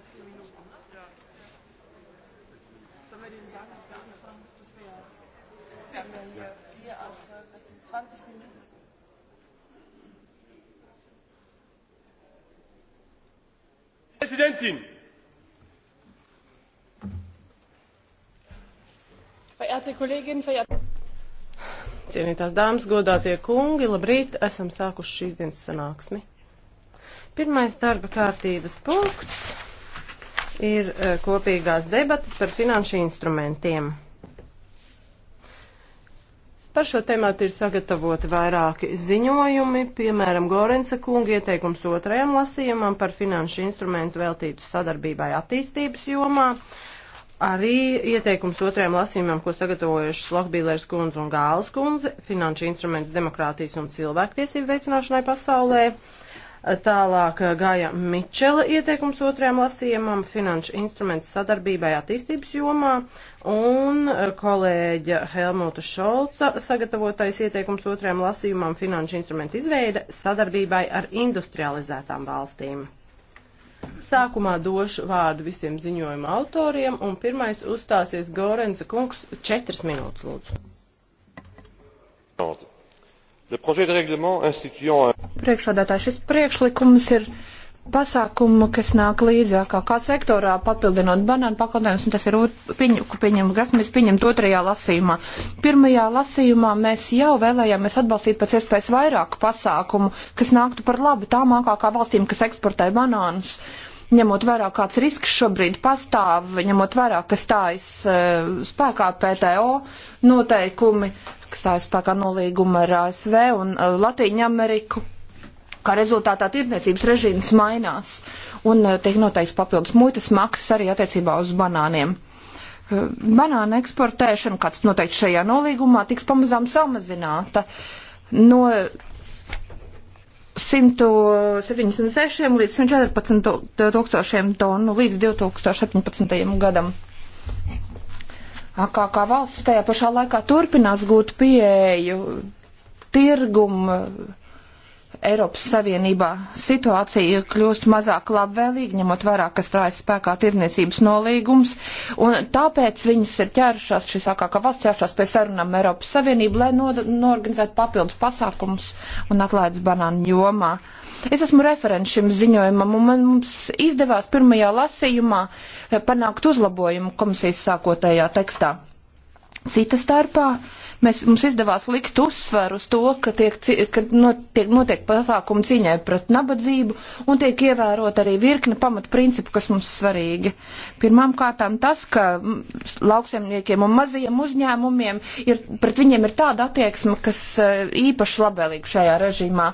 jeweils vier Minuten. Ne? Ja. Sollen wir denen sagen, dass wir angefangen haben? Das wäre ja, wir haben ja hier 4, 8, 12, 16, 20 Minuten. Präsidentin! Verehrte Kolleginnen, verehrte Cienītās dāmas, godātie kungi, labrīt, esam sākuši šīs dienas sanāksmi. Pirmais darba kārtības punkts ir e, kopīgās debatas par finanšu instrumentiem. Par šo tēmātu ir sagatavoti vairāki ziņojumi, piemēram, Gorensa kunga ieteikums otrajam lasījumam par finanšu instrumentu veltītu sadarbībai attīstības jomā. Arī ieteikums otrajam lasījumam, ko sagatavojuši Slokbīlērs kundze un Gāles kundze, finanšu instruments demokrātijas un cilvēktiesību veicināšanai pasaulē. Uh, Tālāk eh, gāja Mičela ieteikums otrajam lasījumam finanšu instrumentu sadarbībai attīstības jomā un eh, kolēģa Helmuta Šolca sagatavotais ieteikums otrajam lasījumam finanšu instrumentu izveida sadarbībai ar industrializētām valstīm. Sākumā došu vārdu visiem ziņojuma autoriem, un pirmais uzstāsies Gorenza kungs - četras minūtes, lūdzu. Priekšādātāji, šis priekšlikums ir pasākumu, kas nāk līdzi kā, kā sektorā, papildinot banānu pakalpojumus, un tas ir pieņemts, kas mēs pieņemt otrajā lasījumā. Pirmajā lasījumā mēs jau vēlējāmies atbalstīt pēc iespējas vairāk pasākumu, kas nāktu par labu tām ākākā valstīm, kas eksportē banānus. Uh, ņemot vērā, kāds risks šobrīd pastāv, ņemot vērā, ka stājas e, spēkā PTO noteikumi, ka stājas spēkā nolīguma ar ASV un e, Latīņu Ameriku, kā rezultātā tirdzniecības režīms mainās un e, tiek noteikts papildus muitas maksas arī attiecībā uz banāniem. Banāna eksportēšana, kāds noteikti šajā nolīgumā, tiks pamazām samazināta. No 176 līdz 114 tūkstošiem tonu līdz 2017. gadam. AKK valsts tajā pašā laikā turpinās gūt pieeju tirgumu Eiropas Savienībā situācija kļūst mazāk labvēlīga, ņemot vērā, ka strājas spēkā tirdzniecības nolīgums, un tāpēc viņas ir ķērušās, šis ārkārtā valsts ķērušās pie sarunām Eiropas Savienību, lai no, norganizētu papildus pasākumus un atlaides banānu jomā. Es esmu referents šim ziņojumam, un man mums izdevās pirmajā lasījumā eh, panākt uzlabojumu komisijas sākotējā tekstā. Cita starpā Mēs, mums izdevās likt uzsvaru uz to, ka, tiek, ka notiek, notiek pasākumu cīņai pret nabadzību un tiek ievērot arī virkne pamatprincipu, kas mums svarīgi. Pirmām kārtām tas, ka lauksaimniekiem un mazajiem uzņēmumiem ir, pret viņiem ir tāda attieksme, kas e, īpaši labvēlīga šajā režīmā.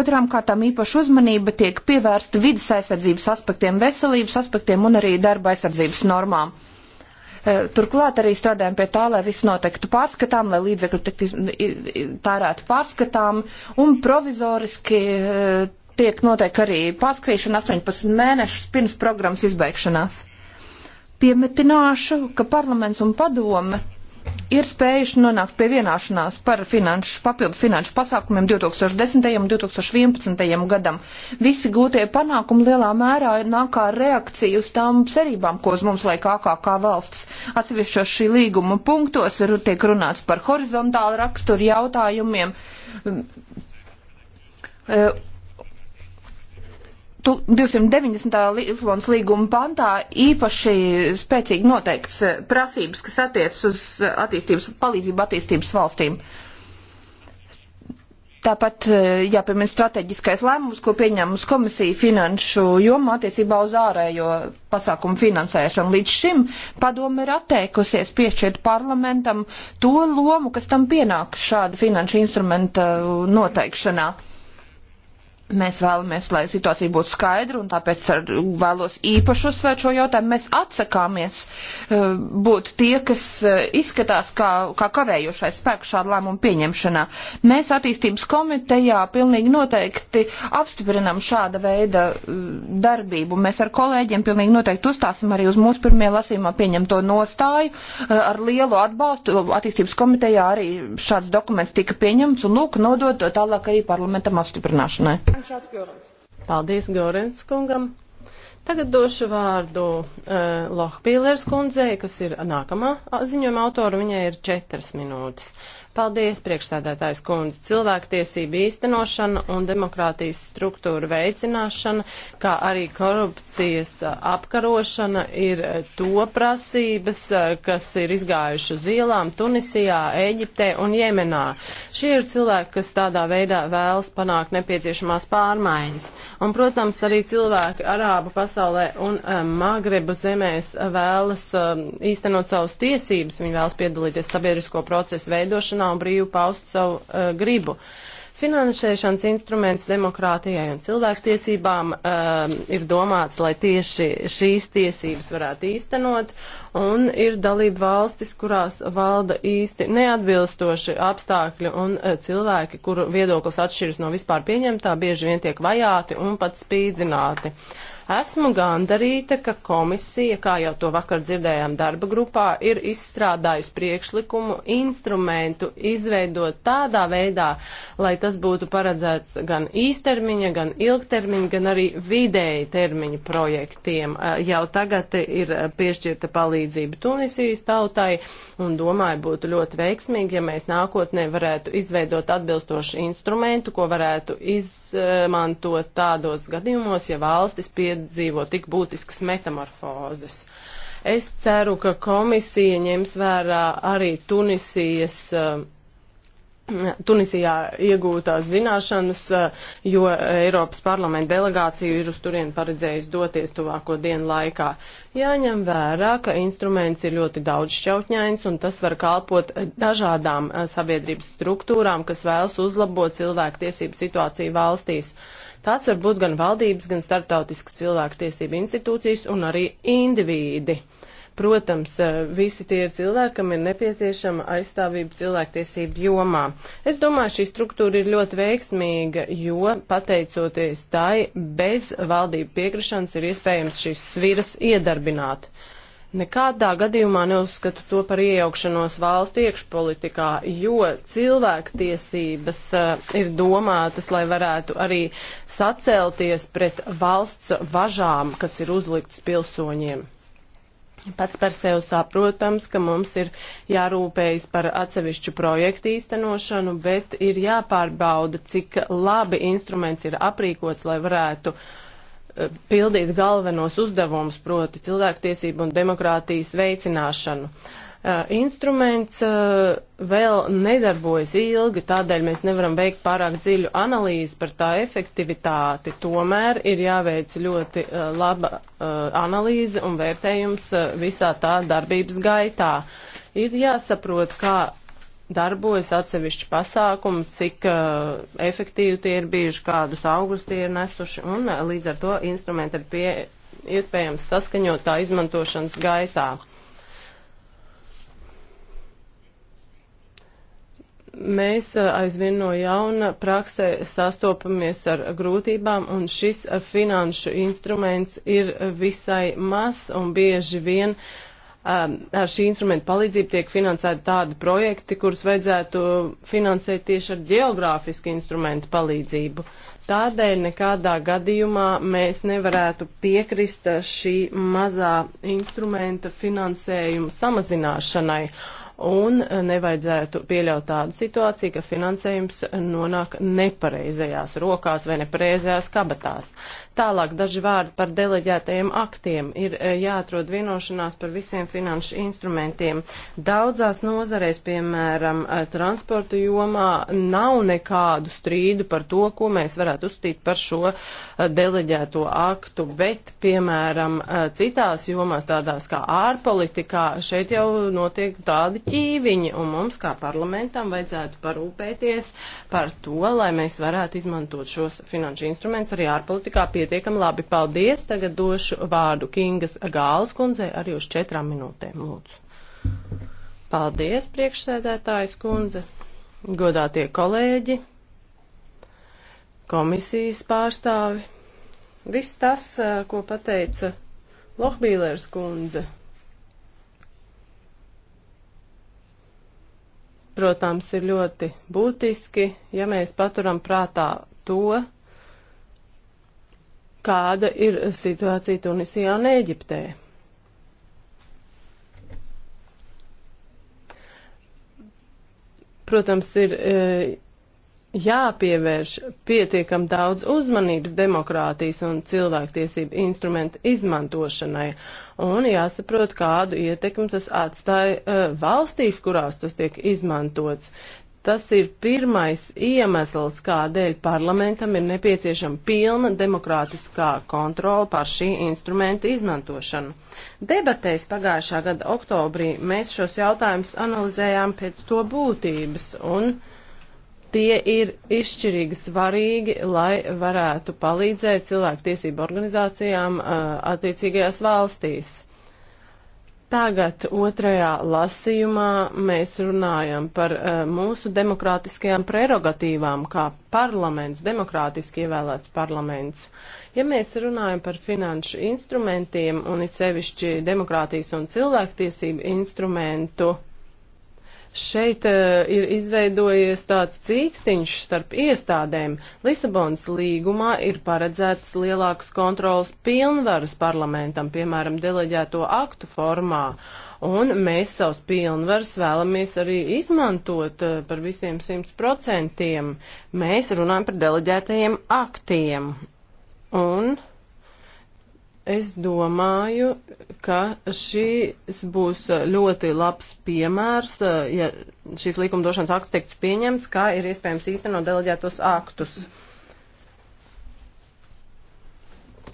Otrām kārtām īpaša uzmanība tiek pievērsta vidas aizsardzības aspektiem, veselības aspektiem un arī darba aizsardzības normām. Eh, turklāt arī strādājam pie tā, lai viss notiktu pārskatām, lai līdzekļi tiktu tērēti pārskatām un provizoriski eh, tiek noteikti arī pārskatīšana 18 mēnešus pirms programmas izbeigšanās. Piemetināšu, ka parlaments un padome ir spējuši nonākt pie vienāšanās par finanšu, papildus finanšu pasākumiem 2010. un 2011. gadam. Visi gūtie panākumi lielā mērā nāk kā reakcija uz tām cerībām, ko uz mums laik AKK valsts. Atsevišķos šī līguma punktos ir tiek runāts par horizontālu raksturu jautājumiem. Uh, 290. Lisbonas līguma pantā īpaši spēcīgi noteikts eh, prasības, kas attiecas uz eh, attīstības, palīdzību attīstības valstīm. Tāpat eh, jāpiemina strateģiskais lēmums, ko pieņēmusi komisija finanšu jomā attiecībā uz ārējo pasākumu finansēšanu. Līdz šim padome ir atteikusies piešķirt parlamentam to lomu, kas tam pienāks šāda finanšu instrumenta noteikšanā. Mēs vēlamies, lai situācija būtu skaidra, un tāpēc vēlos īpaši uzsvērt šo jautājumu. Mēs atsakāmies uh, būt tie, kas uh, izskatās kā, kā kavējošais spēks šādu lēmumu pieņemšanā. Mēs attīstības komitejā pilnīgi noteikti apstiprinam šāda veida uh, darbību. Mēs ar kolēģiem pilnīgi noteikti uzstāsim arī uz mūsu pirmie lasījumā pieņemto nostāju. Ar lielu atbalstu attīstības komitejā arī šāds dokuments tika pieņemts un lūk nodot tālāk arī parlamentam apstiprināšanai. Paldies Gorens kungam. Tagad došu vārdu uh, Lohpīlers kundzei, kas ir nākamā ziņojuma autora. Viņai ir četras minūtes. Paldies, priekšsēdētājs kundze. Cilvēktiesība īstenošana un demokrātijas struktūra veicināšana, kā arī korupcijas apkarošana ir to prasības, kas ir izgājuši uz ielām Tunisijā, Eģiptē un Jemenā. Šie ir cilvēki, kas tādā veidā vēlas panākt nepieciešamās pārmaiņas. Un, protams, arī cilvēki Arābu pasaulē un Magrebu zemēs vēlas īstenot savus tiesības, viņi vēlas piedalīties sabiedrisko procesu veidošanā nav brīvi paust savu uh, gribu. Finansēšanas instruments demokrātijai un cilvēktiesībām uh, ir domāts, lai tieši šīs tiesības varētu īstenot, un ir dalība valstis, kurās valda īsti neatbilstoši apstākļi, un uh, cilvēki, kuru viedoklis atšķiras no vispār pieņemtā, bieži vien tiek vajāti un pat spīdzināti. Uh, Esmu gandarīta, ka komisija, kā jau to vakar dzirdējām darba grupā, ir izstrādājusi priekšlikumu instrumentu izveidot tādā veidā, lai tas būtu paredzēts gan īstermiņa, gan ilgtermiņa, gan arī vidēji termiņa projektiem. Jau tagad ir piešķirta palīdzība Tunisijas tautai un domāju būtu ļoti veiksmīgi, ja mēs nākotnē varētu izveidot atbilstošu instrumentu, ko varētu izmantot tādos gadījumos, ja valstis pie piedzīvo tik būtiskas metamorfozes. Es ceru, ka komisija ņems vērā arī Tunisijas uh, Tunisijā iegūtās zināšanas, eh, jo Eiropas parlamenta delegācija ir uz turieni paredzējusi doties tuvāko dienu laikā. Jāņem vērā, ka instruments ir ļoti daudzšķautņains un tas var kalpot dažādām eh, sabiedrības struktūrām, kas vēlas uzlabot cilvēku tiesību situāciju valstīs. Uh, Tās var būt gan valdības, gan starptautiskas cilvēku tiesību institūcijas un arī indivīdi. Protams, eh, visi tie ir cilvēki, kam ir nepieciešama aizstāvība cilvēktiesību jomā. Es domāju, šī struktūra ir ļoti veiksmīga, jo, pateicoties tai, bez valdību piekrišanas ir iespējams šīs sviras iedarbināt. Uh, Nekādā gadījumā neuzskatu to par iejaukšanos valstu iekšpolitikā, jo cilvēktiesības uh, eh, ir domātas, lai varētu arī sacelties pret valsts važām, kas ir uzlikts pilsoņiem. Pats par sevi saprotams, ka mums ir jārūpējas par atsevišķu projektu īstenošanu, bet ir jāpārbauda, cik labi instruments ir aprīkots, lai varētu uh, Eh, pildīt galvenos uzdevumus, proti cilvēktiesību un demokrātijas veicināšanu. Eh, instruments eh, vēl nedarbojas ilgi, tādēļ mēs nevaram veikt pārāk dziļu analīzi par tā efektivitāti. Tomēr ir jāveic ļoti laba analīze un vērtējums visā tā darbības gaitā. Ir jāsaprot, kā darbojas atsevišķi pasākumi, cik uh, efektīvi tie ir bijuši, kādus augus tie ir nesuši, un uh, līdz ar to instrumenti ir pie, iespējams saskaņot tā izmantošanas gaitā. mēs eh, aizvien no jauna praksē sastopamies ar grūtībām, un šis finanšu instruments ir visai mazs un bieži vien uh, um, ar šī instrumenta palīdzību tiek finansēti tādi projekti, kurus vajadzētu finansēt tieši ar geogrāfisku instrumentu palīdzību. Tādēļ nekādā gadījumā mēs nevarētu piekrist šī mazā instrumenta finansējuma samazināšanai. Uh, un eh, nevajadzētu pieļaut tādu situāciju, ka finansējums eh, nonāk nepareizajās rokās vai nepareizajās kabatās. Tālāk daži vārdi par deleģētajiem aktiem ir eh, jāatrod vienošanās par visiem finanšu instrumentiem. Daudzās nozareis, piemēram, transporta jomā, nav nekādu strīdu par to, ko mēs varētu uzstīt par šo deleģēto aktu, bet, piemēram, citās jomās, tādās kā ārpolitikā, šeit jau notiek tādi ķīviņi, un mums kā parlamentam vajadzētu parūpēties par to, lai mēs varētu izmantot šos finanšu instrumentus arī ārpolitikā pietiekami labi. Paldies! Tagad došu vārdu Kingas Gāles kundzei arī uz četrām minūtēm, lūdzu. Paldies, priekšsēdētājs kundze, godātie kolēģi, komisijas pārstāvi. Viss tas, eh, ko pateica Lohbīlers kundze protams, ir ļoti būtiski, ja mēs paturam prātā to, kāda ir situācija Tunisijā un Eģiptē. Protams, ir eh, jāpievērš pietiekam daudz uzmanības demokrātijas un cilvēktiesību instrumentu izmantošanai un jāsaprot, kādu ietekmi tas atstāja uh, valstīs, kurās tas tiek izmantots. Tas ir pirmais iemesls, kādēļ parlamentam ir nepieciešama pilna demokrātiskā kontrola pār šī instrumenta izmantošanu. Debatēs pagājušā gada oktobrī mēs šos jautājumus analizējām pēc to būtības un uh, Tie ir izšķirīgi svarīgi, lai varētu palīdzēt cilvēktiesību organizācijām uh, attiecīgajās valstīs. Tagad otrajā lasījumā mēs runājam par uh, mūsu demokrātiskajām prerogatīvām, kā parlaments, demokrātiski ievēlēts parlaments. Ja mēs runājam par finanšu instrumentiem un it sevišķi demokrātijas un cilvēktiesību instrumentu, uh, Šeit uh, ir izveidojies tāds cīkstiņš starp iestādēm. Lisabonas līgumā ir paredzēts lielāks kontrols pilnvaras parlamentam, piemēram, deleģēto aktu formā. Un mēs savus pilnvarus vēlamies arī izmantot uh, par visiem simts procentiem. Mēs runājam par deleģētajiem aktiem. Un Es domāju, ka šis būs ļoti labs piemērs, eh, ja šīs likumdošanas akts tiks pieņemts, kā ir iespējams īstenot deleģētos aktus.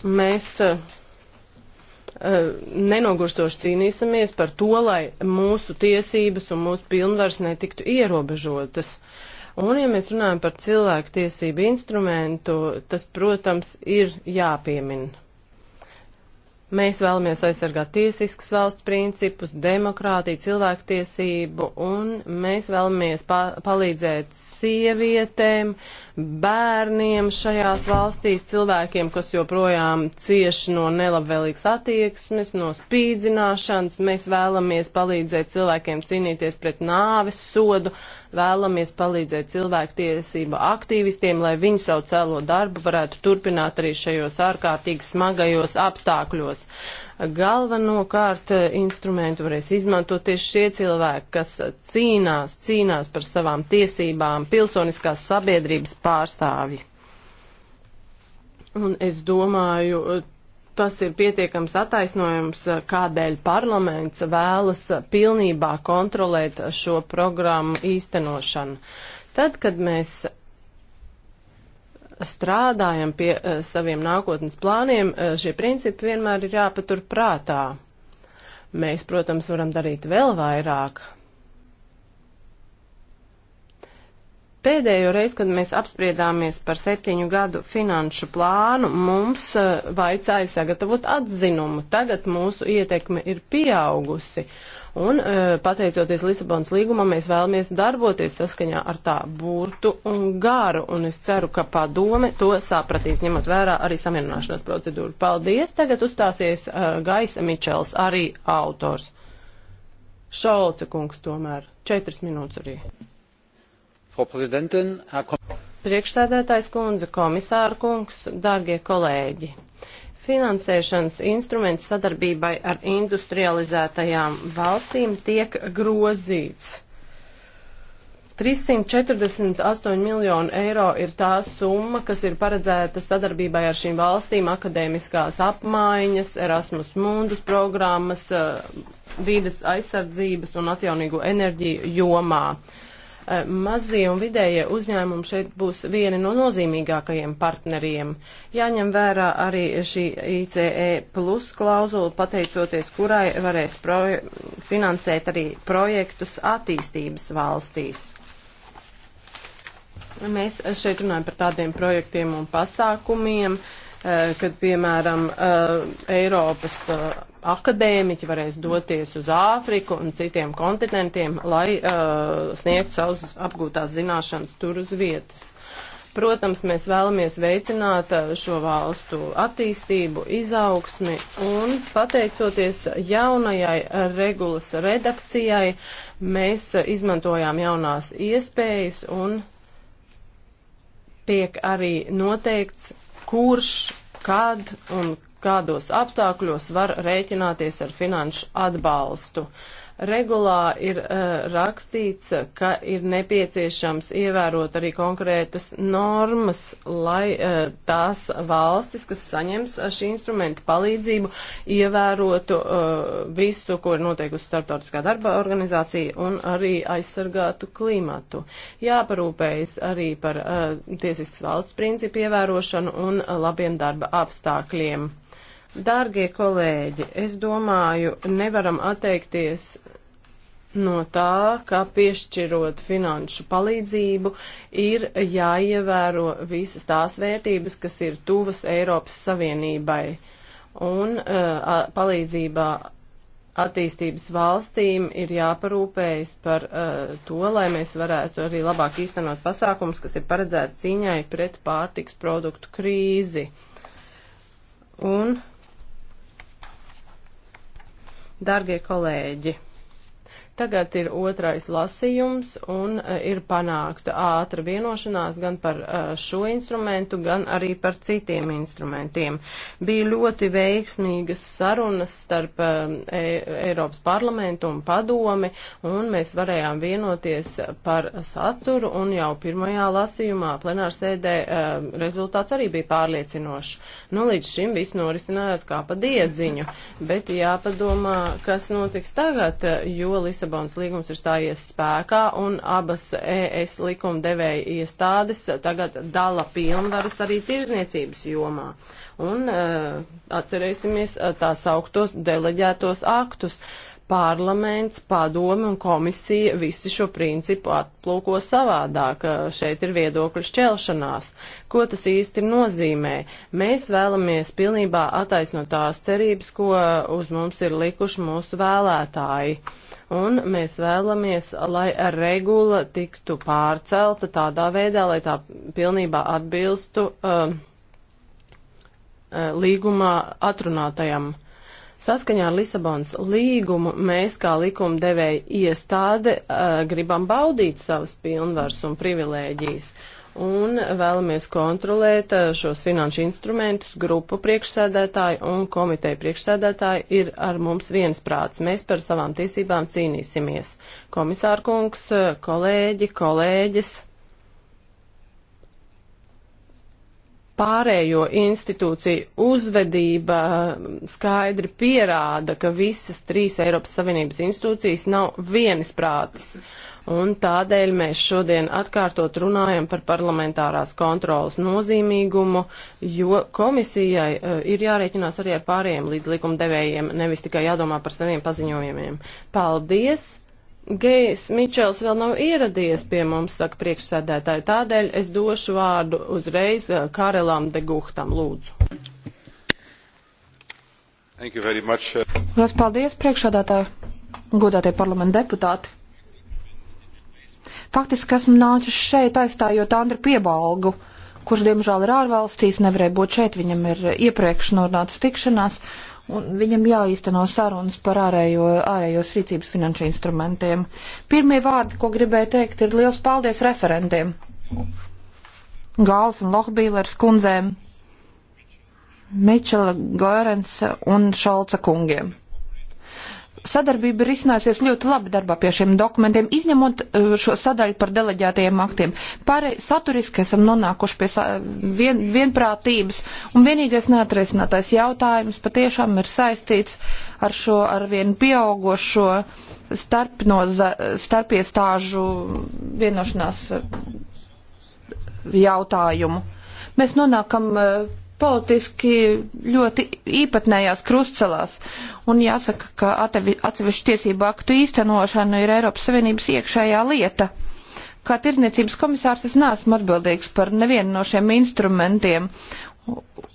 Mēs eh, nenogurstoši cīnīsimies par to, lai mūsu tiesības un mūsu pilnvars netiktu ierobežotas. Un, ja mēs runājam par cilvēku tiesību instrumentu, tas, protams, ir jāpiemina. Mēs vēlamies aizsargāt tiesiskas valsts principus, demokrātiju, cilvēktiesību, un mēs vēlamies pa palīdzēt sievietēm, bērniem šajās valstīs, cilvēkiem, kas joprojām cieš no nelabvēlīgas attieksmes, no spīdzināšanas. Mēs vēlamies palīdzēt cilvēkiem cīnīties pret nāves sodu. Vēlamies palīdzēt cilvēktiesība aktīvistiem, lai viņi savu cēlo darbu varētu turpināt arī šajos ārkārtīgi smagajos apstākļos. Galvenokārt eh, instrumentu varēs izmantot tieši šie cilvēki, kas cīnās, cīnās par savām tiesībām, pilsoniskās sabiedrības pārstāvji. Un es domāju, eh, tas ir pietiekams attaisnojums, kādēļ parlaments vēlas pilnībā kontrolēt šo programmu īstenošanu. Tad, kad mēs strādājam pie eh, saviem nākotnes plāniem, eh, šie principi vienmēr ir jāpatur prātā. Mēs, protams, varam darīt vēl vairāk, Pēdējo reizi, kad mēs apspriedāmies par septiņu gadu finanšu plānu, mums uh, eh, vajadzēja sagatavot atzinumu. Tagad mūsu ietekme ir pieaugusi. Un uh, pateicoties Lisabonas līgumam, mēs vēlamies darboties saskaņā ar tā burtu un garu. Un es ceru, ka padome to sapratīs, ņemot vērā arī samierināšanās procedūru. Paldies! Tagad uzstāsies uh, Gaisa Mičels, arī autors. Šolce kungs tomēr. Četras minūtes arī. Priekšsēdētājs kundze, komisāra kungs, dārgie kolēģi. Finansēšanas instruments sadarbībai ar industrializētajām valstīm tiek grozīts. 348 miljonu eiro ir tā summa, kas ir paredzēta sadarbībai ar šīm valstīm akadēmiskās apmaiņas, Erasmus Mundus programmas, eh, vīdes aizsardzības un atjaunīgo enerģiju jomā. Uh, Eh, mazie un vidējie uzņēmumi šeit būs vieni no nozīmīgākajiem partneriem. Jāņem vērā arī šī ICE plus klauzula, pateicoties kurai varēs finansēt arī projektus attīstības valstīs. Mēs šeit runājam par tādiem projektiem un pasākumiem, uh, Eh, kad, piemēram, eh, Eiropas eh, akadēmiķi varēs doties uz Āfriku un citiem kontinentiem, lai sniegtu savus apgūtās zināšanas tur uz vietas. Protams, mēs vēlamies veicināt šo valstu attīstību, izaugsmi un pateicoties jaunajai regulas redakcijai, mēs izmantojām jaunās iespējas un tiek arī noteikts kurš, kad un kādos apstākļos var rēķināties ar finanšu atbalstu. Uh, Regulā ir uh, rakstīts, ka ir nepieciešams ievērot arī konkrētas normas, lai uh, tās valstis, kas saņems eh, šī instrumenta palīdzību, ievērotu uh, visu, ko ir noteikusi starptautiskā darba organizācija un arī aizsargātu klimatu. Jāparūpējas arī par uh, tiesiskas valsts principu ievērošanu un labiem darba apstākļiem. Dārgie kolēģi, es domāju, nevaram atteikties no tā, ka piešķirot finanšu palīdzību ir jāievēro visas tās vērtības, kas ir tuvas Eiropas Savienībai. Un uh, palīdzībā attīstības valstīm ir jāparūpējas par uh, to, lai mēs varētu arī labāk īstenot pasākums, kas ir paredzēti cīņai pret pārtiks produktu krīzi. Un Dargie kolēģi! Tagad ir otrais lasījums un e, ir panākta ātra vienošanās gan par e, šo instrumentu, gan arī par citiem instrumentiem. Bija ļoti veiksmīgas sarunas starp e, Eiropas parlamentu un padomi, un mēs varējām vienoties par saturu, un jau pirmajā lasījumā plenārsēdē rezultāts arī bija pārliecinošs. Nu, līdz šim viss norisinājās kā pa diedziņu, bet jāpadomā, kas notiks tagad, jo Lisabona. Lisabonas līgums ir stājies spēkā un abas ES likumdevēja iestādes tagad dala pilnvaras arī tirzniecības jomā. Un uh, atcerēsimies uh, eh, tās augtos deleģētos aktus parlaments, padome un komisija visi šo principu atplūko savādāk. Šeit ir viedokļu šķelšanās. Ko tas īsti nozīmē? Mēs vēlamies pilnībā attaisnot tās cerības, ko uz mums ir likuši mūsu vēlētāji. Un mēs vēlamies, lai regula tiktu pārcelta tādā veidā, lai tā pilnībā atbilstu uh, uh, līgumā atrunātajam. Uh, Saskaņā ar Lisabonas līgumu mēs kā likumdevēja iestāde uh, gribam baudīt savas pilnvaras un privilēģijas un vēlamies kontrolēt šos finanšu instrumentus. Grupu priekšsēdētāji un komiteju priekšsēdētāji ir ar mums viensprāts. Mēs par savām tiesībām cīnīsimies. Komisārkungs, kolēģi, kolēģis. pārējo institūciju uzvedība eh, skaidri pierāda, ka visas trīs Eiropas Savienības institūcijas nav vienisprātis. Un tādēļ mēs šodien atkārtot runājam par parlamentārās kontrolas nozīmīgumu, jo komisijai eh, ir jārēķinās arī ar pārējiem līdzlikumdevējiem, nevis tikai jādomā par saviem paziņojumiem. Paldies! Gejs Mičels vēl nav ieradies pie mums, saka priekšsēdētāji. Tādēļ es došu vārdu uzreiz eh, Karelam de Guhtam, lūdzu. Uh, Lielas paldies, priekšsēdētāji, godātie parlamenta deputāti. Faktiski esmu nācis šeit aizstājot Andru Piebalgu, kurš diemžēl ir ārvalstīs, nevarēja būt šeit, viņam ir iepriekš norunāts tikšanās. Uh, un viņam jāīsteno sarunas par ārējo, ārējos rīcības finanšu instrumentiem. Pirmie vārdi, ko gribēju teikt, ir liels paldies referentiem. Gāls un Lohbīlers kundzēm, Mičela Gorens un Šolca kungiem sadarbība ir izcinājusies ļoti labi darbā pie šiem dokumentiem, izņemot e, šo sadaļu par deleģētajiem aktiem. Pārēj saturiski esam nonākuši pie vien, vienprātības, un vienīgais neatrisinātais jautājums patiešām ir saistīts ar šo arvien pieaugošo starpnoza, starpiestāžu vienošanās e, jautājumu. Mēs nonākam e, politiski ļoti īpatnējās krustcelās. Un jāsaka, ka atsevišķu tiesību aktu īstenošana ir Eiropas Savienības iekšējā lieta. Kā tirdzniecības komisārs es neesmu atbildīgs par nevienu no šiem instrumentiem.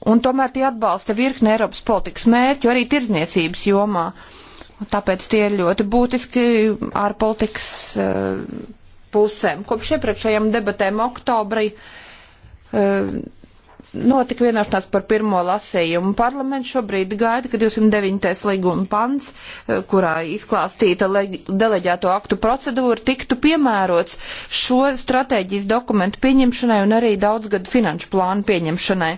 Un tomēr tie atbalsta virkni Eiropas politikas mērķu arī tirdzniecības jomā. Tāpēc tie ir ļoti būtiski ārpolitikas uh, pusēm. Kopš iepriekšējām debatēm oktobrī uh, notika vienošanās par pirmo lasējumu. Parlaments šobrīd gaida, ka 209. līguma pants, eh, kurā izklāstīta deleģēto aktu procedūra, tiktu piemērots šo stratēģijas dokumentu pieņemšanai un arī daudzgadu finanšu plānu pieņemšanai.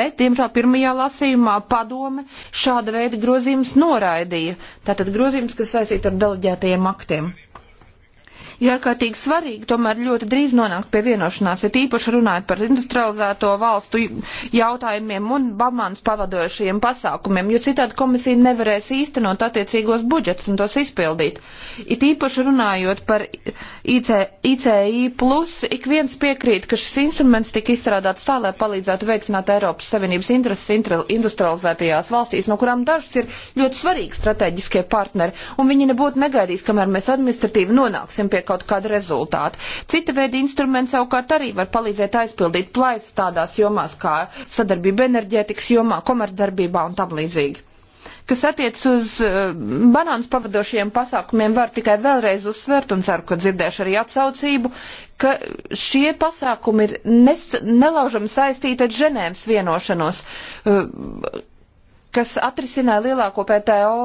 Bet, diemžēl, pirmajā lasījumā padome šāda veida grozījums noraidīja. Tātad grozījums, kas saistīta ar deleģētajiem aktiem ir ārkārtīgi svarīgi tomēr ļoti drīz nonākt pie vienošanās, ir īpaši runājot par industrializēto valstu jautājumiem un bamānus pavadojušajiem pasākumiem, jo citādi komisija nevarēs īstenot attiecīgos budžets un tos izpildīt. Ir īpaši runājot par IC, ICI, plus, ik viens piekrīt, ka šis instruments tika izstrādāts tā, lai palīdzētu veicināt Eiropas Savienības intereses industrializētajās valstīs, no kurām dažas ir ļoti svarīgi strateģiskie partneri, un viņi nebūtu negaidījis, kamēr mēs administratīvi nonāksim pie panākt kaut kādu rezultātu. Cita veida instrumenti savukārt arī var palīdzēt aizpildīt plaisas tādās jomās kā sadarbība enerģētikas jomā, komercdarbībā un tam līdzīgi. Kas attiec uz eh, banānus pavadošajiem pasākumiem, var tikai vēlreiz uzsvert un ceru, ka dzirdēšu arī atsaucību, ka šie pasākumi ir nes, nelaužami saistīti ar Ženēvas vienošanos eh, kas atrisināja lielāko PTO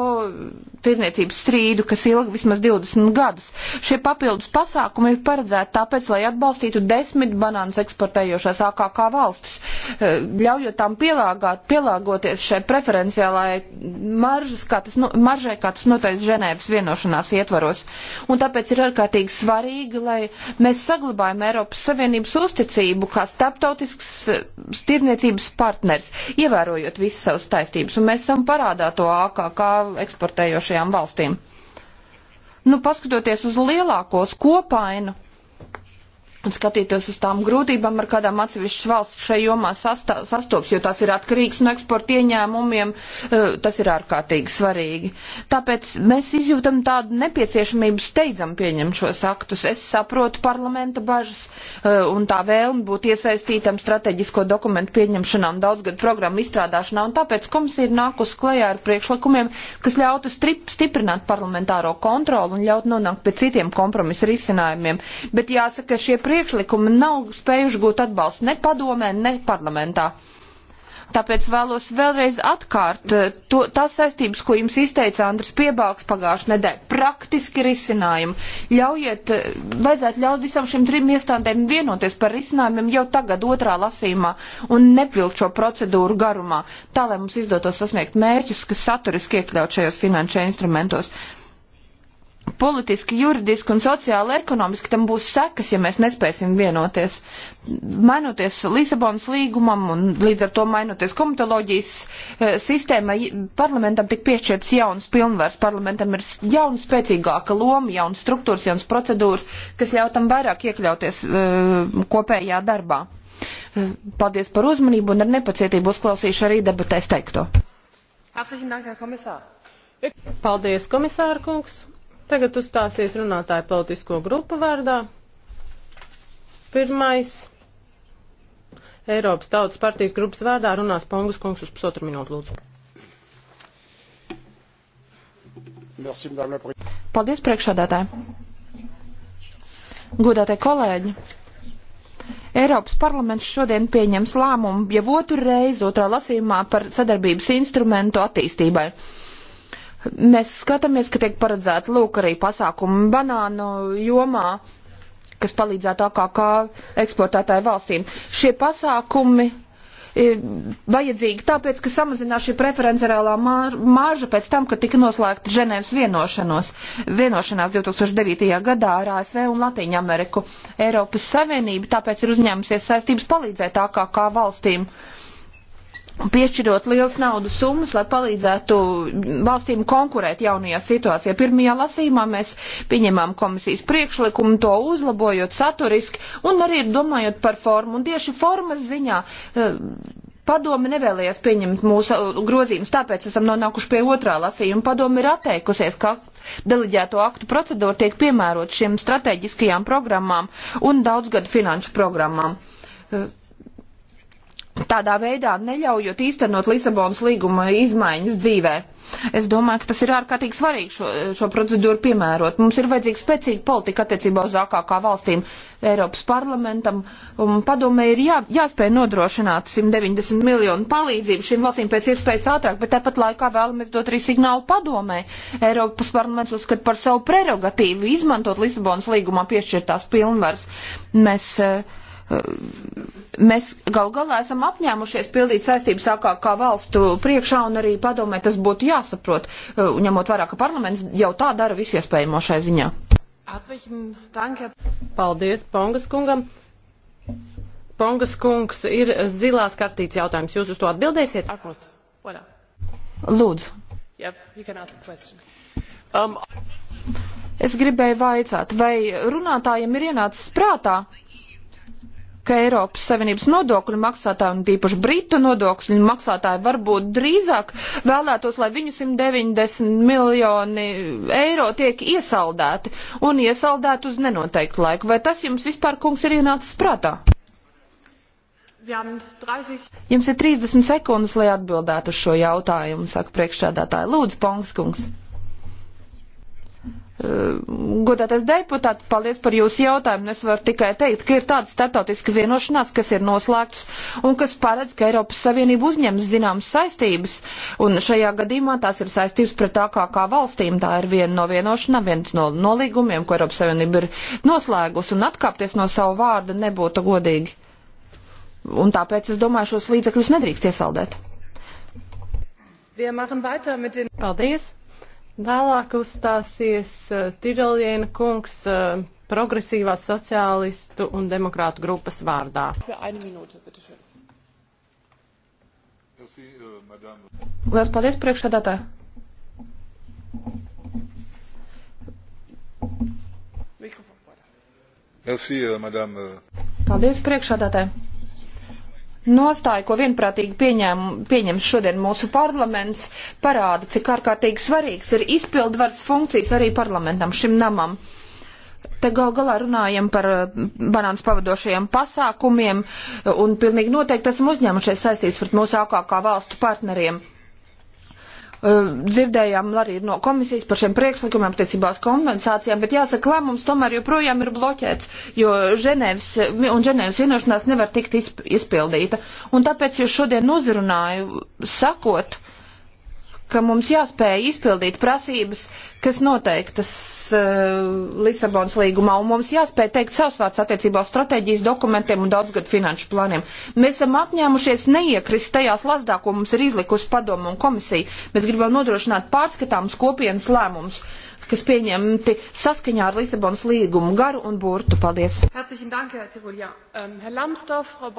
tirniecības strīdu, kas ilga vismaz 20 gadus. Šie papildus pasākumi ir paredzēti tāpēc, lai atbalstītu desmit banānus eksportējošās AKK valstis, eh, ļaujot tām pielāgāt, pielāgoties šai preferenciālai maržas, kā tas, nu, maržai, kā tas noteikti Ženēvas vienošanās ietvaros. Un tāpēc ir ārkārtīgi svarīgi, lai mēs saglabājam Eiropas Savienības uzticību kā starptautisks eh, tirniecības partners, ievērojot visas savas taistības un mēs esam parādā to AKK eksportējošajām valstīm. Nu, paskatoties uz lielākos kopainu, un skatītos uz tām grūtībām, ar kādām atsevišķas valsts šai jomā sastā, sastops, jo tas ir atkarīgs no eksporta ieņēmumiem, eh, tas ir ārkārtīgi svarīgi. Tāpēc mēs izjūtam tādu nepieciešamību steidzam pieņemt šos aktus. Es saprotu parlamenta bažas eh, un tā vēlmi būt iesaistītam strateģisko dokumentu pieņemšanā un daudzgadu programmu izstrādāšanā, un tāpēc komisija ir nākus klajā ar priekšlikumiem, kas ļautu strip, stiprināt parlamentāro kontroli un ļaut nonākt pie citiem kompromisu risinājumiem. Bet jāsaka, šie priekšlikumi nav spējuši gūt atbalstu ne padomē, ne parlamentā. Tāpēc vēlos vēlreiz atkārt eh, to, tās saistības, ko jums izteica Andris Piebalgs pagājušajā nedēļā. Praktiski risinājumi. Ļaujiet, eh, vajadzētu ļaut visam šim trim iestādēm vienoties par risinājumiem jau tagad otrā lasīmā un nepilgt šo procedūru garumā, tā lai mums izdotos sasniegt mērķus, kas saturiski iekļaut šajos finanšu instrumentos politiski, juridiski un sociāli ekonomiski tam būs sekas, ja mēs nespēsim vienoties. Mainoties Lisabonas līgumam un līdz ar to mainoties komitoloģijas e, sistēmai, parlamentam tik piešķirts jauns pilnvērs. Parlamentam ir jauna spēcīgāka loma, jaunas struktūras, jaunas procedūras, kas ļautam vairāk iekļauties e, kopējā darbā. E, paldies par uzmanību un ar nepacietību uzklausīšu arī debatēs teikto. Paldies, komisāra kungs! Tagad uzstāsies runātāja politisko grupu vārdā. Pirmais Eiropas Tautas partijas grupas vārdā runās Pongas kungs uz pusotru minūtu lūdzu. Paldies, priekšsādātāji! Godātie kolēģi! Eiropas parlaments šodien pieņems lēmumu jau otru reizi otrā lasījumā par sadarbības instrumentu attīstībai. Mēs skatāmies, ka tiek paredzēta lūk arī pasākumu banānu jomā, kas palīdzētu AKK eksportētāju valstīm. Šie pasākumi vajadzīgi tāpēc, ka samazinās šī preferenciālā mārža pēc tam, kad tika noslēgta Ženēvas vienošanos, vienošanās 2009. gadā ar ASV un Latīņu Ameriku. Eiropas Savienība tāpēc ir uzņēmusies saistības palīdzēt AKK valstīm. Uh, piešķirot liels naudas summas, lai palīdzētu valstīm konkurēt jaunajā situācijā. Pirmajā lasījumā mēs pieņemām komisijas priekšlikumu, to uzlabojot saturiski un arī domājot par formu. Un tieši formas ziņā eh, padome nevēlējās pieņemt mūsu eh, grozījumus, tāpēc esam nonākuši pie otrā lasījuma. Padome ir atteikusies, ka deleģēto aktu procedūra tiek piemērot šiem strateģiskajām programmām un daudzgadu finanšu programmām eh, tādā veidā neļaujot īstenot Lisabonas līguma izmaiņas dzīvē. Es domāju, ka tas ir ārkārtīgi svarīgi šo, šo procedūru piemērot. Mums ir vajadzīga spēcīga politika attiecībā uz AKK valstīm, Eiropas parlamentam, un padomē ir jā, jāspēj nodrošināt 190 miljonu palīdzību šīm valstīm pēc iespējas ātrāk, bet tāpat laikā vēlamies dot arī signālu padomē. Eiropas parlaments uzskat par savu prerogatīvu izmantot Lisabonas līgumā piešķirtās pilnvaras. Mēs uh, Mēs gal galā esam apņēmušies pildīt saistības sākā kā valstu priekšā un arī padomē tas būtu jāsaprot, ņemot vērā, ka parlaments jau tā dara visu iespējamo šai ziņā. Paldies Pongas kungam. Pongas kungs ir zilās kartītes jautājums. Jūs uz to atbildēsiet? Lūdzu. Um, es gribēju vaicāt, vai runātājiem ir ienācis prātā, ka Eiropas Savienības nodokļu maksātāji un tīpaši Britu nodokļu maksātāji varbūt drīzāk vēlētos, lai viņu 190 miljoni eiro tiek iesaldēti un iesaldēti uz nenoteiktu laiku. Vai tas jums vispār, kungs, ir ienācis prātā? Jums ir 30 sekundes, lai atbildētu uz šo jautājumu, saka priekšstādātāja. Lūdzu, Pongs kungs. Mm. Eh, godātais deputāti, paldies par jūsu jautājumu. Es varu tikai teikt, ka ir tādas startautiskas vienošanās, kas ir noslēgtas un kas paredz, ka Eiropas Savienība uzņems zināmas saistības. Un šajā gadījumā tās ir saistības pret AKK valstīm. Tā ir viena no vienošanām, viens no nolīgumiem, ko Eiropas Savienība ir noslēgusi. Un atkāpties no savu vārdu nebūtu godīgi. Un tāpēc es domāju, šos līdzekļus nedrīkst iesaldēt. Paldies! Vēlāk uzstāsies uh, eh, Tiroliena kungs uh, eh, progresīvās sociālistu un demokrātu grupas vārdā. Euh, Lielas paldies priekšstādātā. Merci, euh, madame. Euh. Paldies priekšādātā. Nostāja, ko vienprātīgi pieņem, pieņems šodien mūsu parlaments, parāda, cik ārkārtīgi svarīgs ir izpildvaras funkcijas arī parlamentam, šim namam. Te gal galā runājam par eh, banāns pavadošajiem pasākumiem un pilnīgi noteikti esam uzņēmušies saistīts pret mūsu augākā valstu partneriem Eh, dzirdējām arī no komisijas par šiem priekšlikumiem attiecībā uz kompensācijām, bet jāsaka, lēmums tomēr joprojām ir bloķēts, jo Ženēvs un Ženēvs vienošanās nevar tikt izpildīta. Un tāpēc, ja šodien uzrunāju, sakot, ka mums jāspēj izpildīt prasības, kas noteiktas uh, Lisabonas līgumā, un mums jāspēj teikt savs vārds attiecībā uz stratēģijas dokumentiem un daudzgadu finanšu plāniem. Mēs esam apņēmušies neiekrist tajās lasdā, ko mums ir izlikusi padomu un komisija. Mēs gribam nodrošināt pārskatāmus kopienas lēmumus kas pieņemti saskaņā ar Lisabonas līgumu garu un burtu. Paldies! Herzlichen Dank, Herr Tirol. Ja, um, Herr Lambsdorff, Frau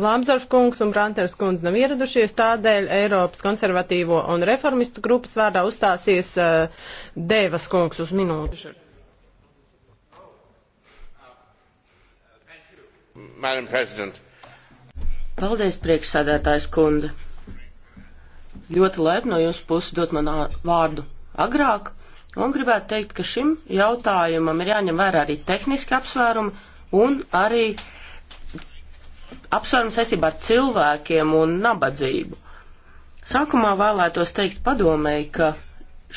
Lāmsdorf kungs un Branters kundze nav ieradušies, tādēļ Eiropas konservatīvo un reformistu grupas vārdā uzstāsies uh, Dēvas kungs uz minūti. Paldies, priekšsēdētājs kundze. Ļoti laipni no jūsu puses dot man uh, vārdu agrāk, un gribētu teikt, ka šim jautājumam ir jāņem vērā arī tehniski apsvērumi un arī uh, apsvērums saistībā ar cilvēkiem un nabadzību. Sākumā vēlētos teikt padomēji, ka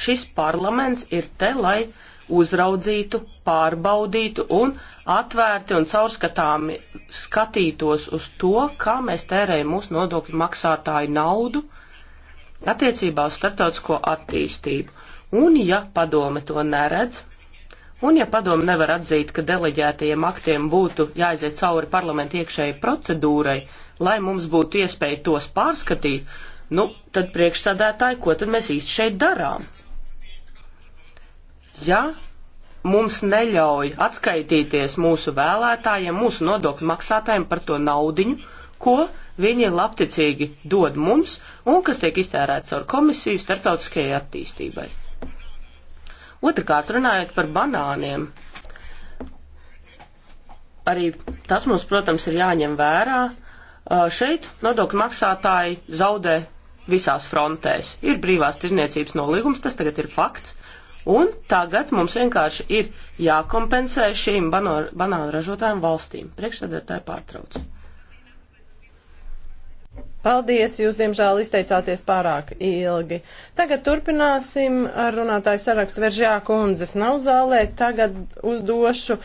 šis parlaments ir te, lai uzraudzītu, pārbaudītu un atvērti un caurskatāmi skatītos uz to, kā mēs tērējam mūsu nodokļu maksātāju naudu attiecībā uz starptautisko attīstību. Un ja padome to neredz, Un ja padomu nevar atzīt, ka deleģētajiem aktiem būtu jāiziet cauri parlamentu iekšēji procedūrai, lai mums būtu iespēja tos pārskatīt, nu, tad priekšsādātāji, ko tad mēs īsti šeit darām? Ja mums neļauj atskaitīties mūsu vēlētājiem, mūsu nodokļu maksātājiem par to naudiņu, ko viņi labticīgi dod mums un kas tiek iztērēts ar komisiju starptautiskajai attīstībai. Otrakārt, runājot par banāniem, arī tas mums, protams, ir jāņem vērā. Uh, šeit nodokļu maksātāji zaudē visās frontēs. Ir brīvās tirzniecības nolīgums, tas tagad ir fakts. Un tagad mums vienkārši ir jākompensē šīm banānu ražotājiem valstīm. Priekšsēdētāji pārtrauc. Paldies, jūs diemžēl izteicāties pārāk ilgi. Tagad turpināsim ar runātāju sarakstu. Veržjā kundzes nav zālē, tagad uzdošu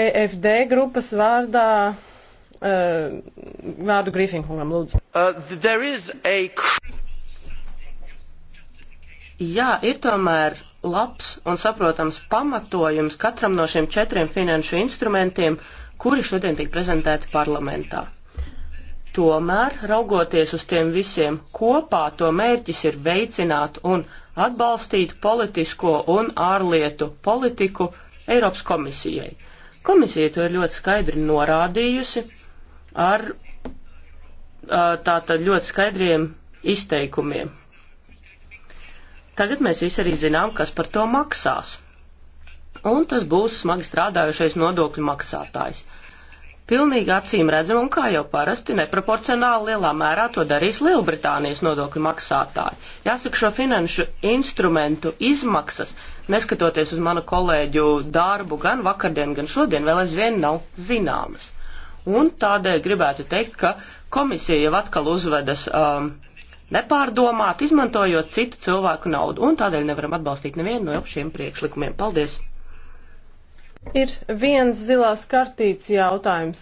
EFD grupas vārdā. Uh, vārdu Grīfinkungam, lūdzu. Uh, a... Jā, ir tomēr labs un saprotams pamatojums katram no šiem četriem finanšu instrumentiem, kuri šodien tiek prezentēti parlamentā. Tomēr, raugoties uz tiem visiem kopā, to mērķis ir veicināt un atbalstīt politisko un ārlietu politiku Eiropas komisijai. Komisija to ir ļoti skaidri norādījusi ar tātad ļoti skaidriem izteikumiem. Tagad mēs visi arī zinām, kas par to maksās. Un tas būs smagi strādājušais nodokļu maksātājs. Pilnīgi acīm redzam, un kā jau parasti, neproporcionāli lielā mērā to darīs Lielbritānijas nodokļu maksātāji. Jāsaka, šo finanšu instrumentu izmaksas, neskatoties uz manu kolēģu darbu gan vakardien, gan šodien, vēl aizvien nav zināmas. Un tādēļ gribētu teikt, ka komisija jau atkal uzvedas um, nepārdomāt, izmantojot citu cilvēku naudu, un tādēļ nevaram atbalstīt nevienu no šiem priekšlikumiem. Paldies! Ir viens zilās kartītes jautājums.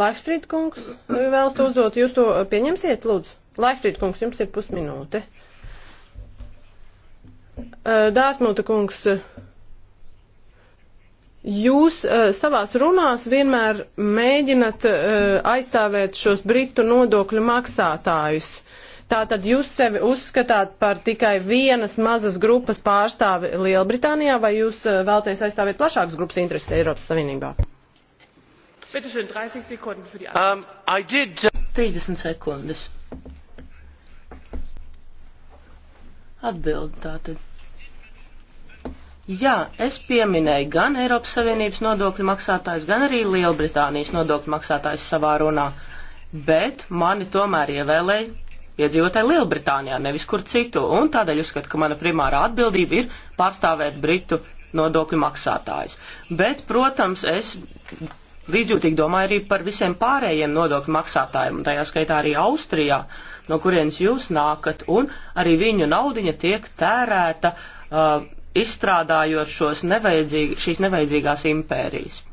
Laikstrīt kungs vēlas to uzdot. Jūs to uh, pieņemsiet, lūdzu? Laikstrīt kungs, jums ir pusminūte. Uh, Dārtmūta kungs, jūs uh, savās runās vienmēr mēģinat aizstāvēt šos britu nodokļu maksātājus. Tātad jūs sevi uzskatāt par tikai vienas mazas grupas pārstāvi Lielbritānijā, vai jūs eh, vēlties aizstāvēt plašākas grupas intereses Eiropas Savienībā? Bitteschön, 30 Sekunden für die Antwort. Um, did... 30 uh, sekundes. Atbildi tātad. Jā, es pieminēju gan Eiropas Savienības nodokļu maksātājus, gan arī Lielbritānijas nodokļu maksātājus savā runā, bet mani tomēr ievēlēja iedzīvotāji Lielbritānijā, nevis kur citu, un tādēļ uzskatu, ka mana primārā atbildība ir pārstāvēt Britu nodokļu maksātājus. Bet, protams, es līdzjūtīgi domāju arī par visiem pārējiem nodokļu maksātājiem, tajā skaitā arī Austrijā, no kurienes jūs nākat, un arī viņu naudiņa tiek tērēta uh, izstrādājot šos nevajadzīg, šīs nevajadzīgās impērijas.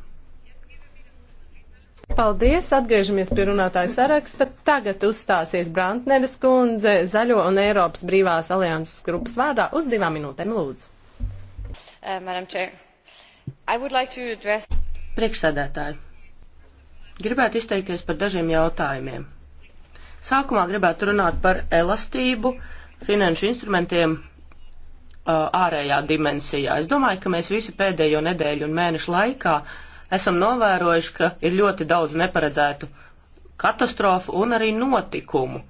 Paldies, atgriežamies pie runātāja saraksta. Tagad uzstāsies Brantneres kundze Zaļo un Eiropas brīvās alianses grupas vārdā uz divām minūtēm lūdzu. Uh, like address... Priekšsēdētāji, gribētu izteikties par dažiem jautājumiem. Sākumā gribētu runāt par elastību finanšu instrumentiem eh, ārējā dimensijā. Es domāju, ka mēs visi pēdējo nedēļu un mēnešu laikā esam novērojuši, ka ir ļoti daudz neparedzētu katastrofu un arī notikumu.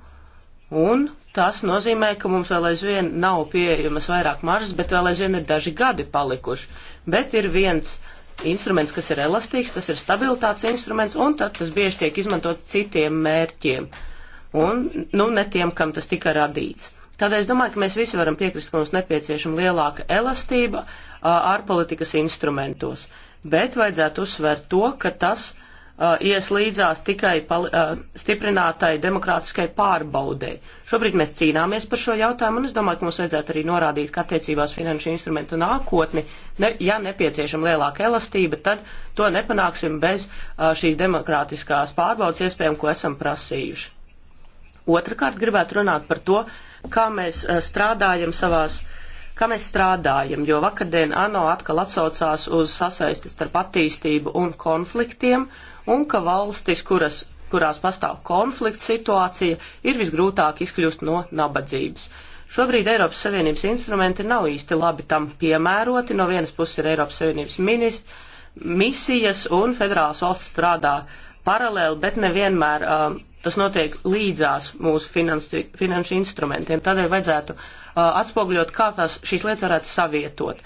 Un tas nozīmē, ka mums vēl aizvien nav pieejamas vairāk maržas, bet vēl aizvien ir daži gadi palikuši. Bet ir viens instruments, kas ir elastīgs, tas ir stabilitātes instruments, un tad tas bieži tiek izmantots citiem mērķiem. Un, nu, ne tiem, kam tas tika radīts. Tādēļ es domāju, ka mēs visi varam piekrist, ka mums nepieciešama lielāka elastība ārpolitikas instrumentos. Uh, bet vajadzētu uzsvērt to, ka tas uh, ies līdzās tikai pali, uh, stiprinātai demokrātiskai pārbaudei. Šobrīd mēs cīnāmies par šo jautājumu, un es domāju, ka mums vajadzētu arī norādīt, ka attiecībās finanšu instrumentu nākotni, ne, ja nepieciešama lielāka elastība, tad to nepanāksim bez uh, šīs demokrātiskās pārbaudas iespējām, ko esam prasījuši. Otrakārt gribētu runāt par to, kā mēs uh, strādājam savās uh, kā mēs strādājam, jo vakardien ANO atkal atsaucās uz sasaisti starp attīstību un konfliktiem, un ka valstis, kuras, kurās pastāv konflikts situācija, ir visgrūtāk izkļūst no nabadzības. Šobrīd Eiropas Savienības instrumenti nav īsti labi tam piemēroti. No vienas puses ir Eiropas Savienības minist, misijas un federālas valsts strādā paralēli, bet nevienmēr um, tas notiek līdzās mūsu finansu, finanšu instrumentiem. Tādēļ vajadzētu atspoguļot, kā tās šīs lietas varētu savietot.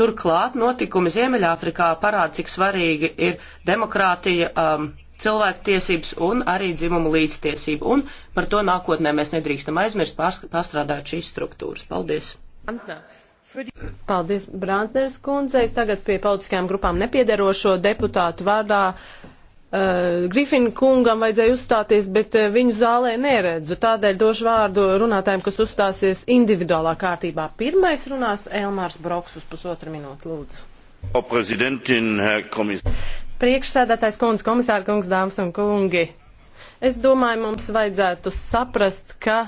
Turklāt notikumi Ziemeļāfrikā parāda, cik svarīgi ir demokrātija, um, cilvēktiesības un arī dzimumu līdztiesība. Un par to nākotnē mēs nedrīkstam aizmirst pārstrādāt šīs struktūras. Paldies! Paldies Brantners kundzei. Tagad pie politiskajām grupām nepiedarošo deputātu vārdā Uh, eh, Grifina kungam vajadzēja uzstāties, bet uh, viņu zālē neredzu. Tādēļ došu vārdu runātājiem, kas uzstāsies individuālā kārtībā. Pirmais runās Elmārs Broks uz pusotru minūtu, lūdzu. Priekšsēdētājs kundze, komisāra kungs, dāmas un kungi. Es domāju, mums vajadzētu saprast, ka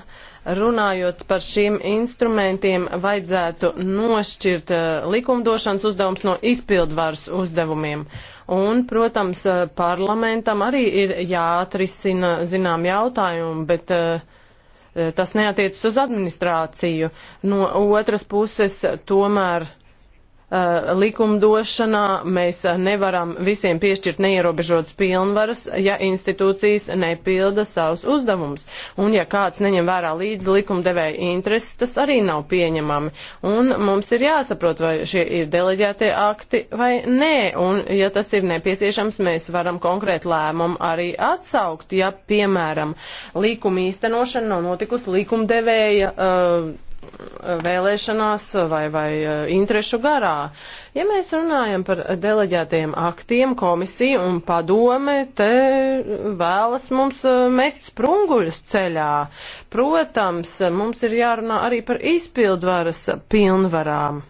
runājot par šiem instrumentiem, vajadzētu nošķirt eh, likumdošanas uzdevums no izpildvaras uzdevumiem. Uh, Un, protams, eh, parlamentam arī ir jāatrisina zinām jautājumi, bet eh, eh, tas neatiecas uz administrāciju. No otras puses, tomēr Uh, likumdošanā mēs uh, nevaram visiem piešķirt neierobežotas pilnvaras, ja institūcijas nepilda savus uzdevumus. Un ja kāds neņem vērā līdz likumdevēja intereses, tas arī nav pieņemami. Un mums ir jāsaprot, vai šie ir deleģētie akti vai nē. Un ja tas ir nepieciešams, mēs varam konkrēt lēmumu arī atsaukt, ja piemēram likuma īstenošana nav notikusi likumdevēja. Uh, vēlēšanās vai, vai eh, interešu garā. Ja mēs runājam par deleģētajiem aktiem, komisiju un padome, te vēlas mums eh, mest sprunguļus ceļā. Protams, mums ir jārunā arī par izpildvaras pilnvarām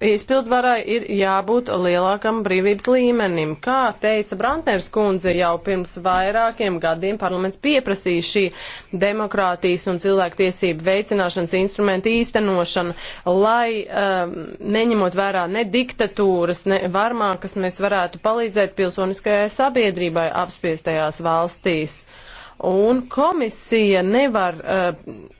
izpildvarai ir jābūt lielākam brīvības līmenim. Kā teica Brantners kundze, jau pirms vairākiem gadiem parlaments pieprasīja šī demokrātijas un cilvēktiesību veicināšanas instrumenta īstenošanu, lai um, neņemot vērā ne diktatūras, ne varmā, kas mēs varētu palīdzēt pilsoniskajai sabiedrībai apspiestajās valstīs. Un komisija nevar. Uh,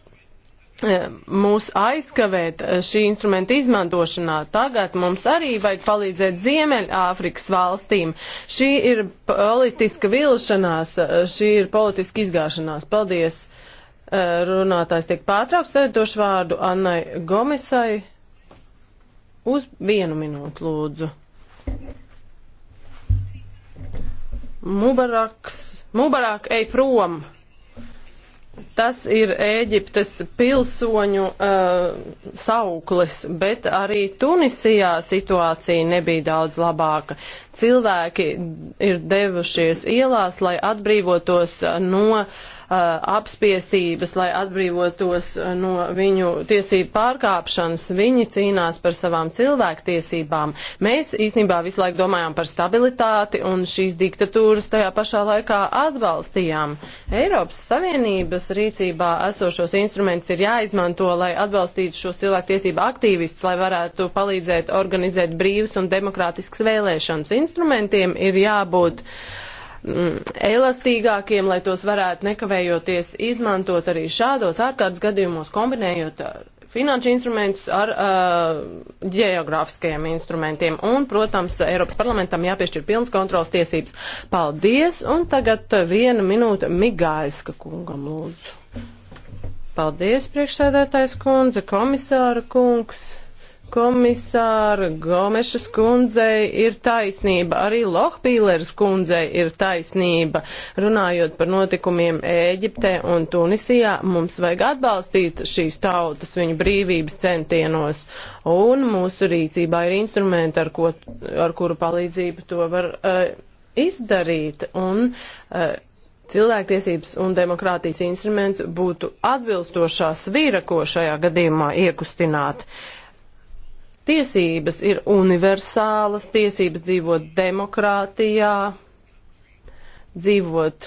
E, mūs aizkavēt e, šī instrumenta izmantošanā. Tagad mums arī vajag palīdzēt Ziemeļāfrikas valstīm. Šī ir politiska vilšanās, e, šī ir politiska izgāšanās. Paldies! Runātājs tiek pārtraukts, došu vārdu Annai Gomisai uz vienu minūtu lūdzu. Mubaraks, Mubarak, ej prom! Tas ir Ēģiptes pilsoņu uh, sauklis, bet arī Tunisijā situācija nebija daudz labāka. Cilvēki ir devušies ielās, lai atbrīvotos no uh, Uh, apspiestības, lai atbrīvotos uh, no viņu tiesību pārkāpšanas. Viņi cīnās par savām cilvēktiesībām. Mēs īstenībā visu laiku domājām par stabilitāti un šīs diktatūras tajā pašā laikā atbalstījām. Eiropas Savienības rīcībā esošos instrumentus ir jāizmanto, lai atbalstītu šos cilvēktiesību aktīvistus, lai varētu palīdzēt organizēt brīvas un demokrātiskas vēlēšanas. Instrumentiem ir jābūt uh, Mm, elastīgākiem, lai tos varētu nekavējoties izmantot arī šādos ārkārtas gadījumos, kombinējot uh, finanšu instrumentus ar uh, geogrāfiskajiem instrumentiem. Un, protams, Eiropas parlamentam jāpiešķir pilns kontrols tiesības. Paldies! Un tagad uh, viena minūte Migaiska kungam lūdzu. Paldies, priekšsēdētājs kundze, komisāra kungs komisāra Gomešas kundzei ir taisnība, arī Lohpīleres kundzei ir taisnība. Runājot par notikumiem Ēģiptē un Tunisijā, mums vajag atbalstīt šīs tautas viņu brīvības centienos, un mūsu rīcībā ir instrumenti, ar, ko, ar kuru palīdzību to var uh, izdarīt. Un, uh, cilvēktiesības un demokrātijas instruments būtu atbilstošā svīra, ko šajā gadījumā iekustināt. Uh, Tiesības ir universālas, tiesības dzīvot demokrātijā, dzīvot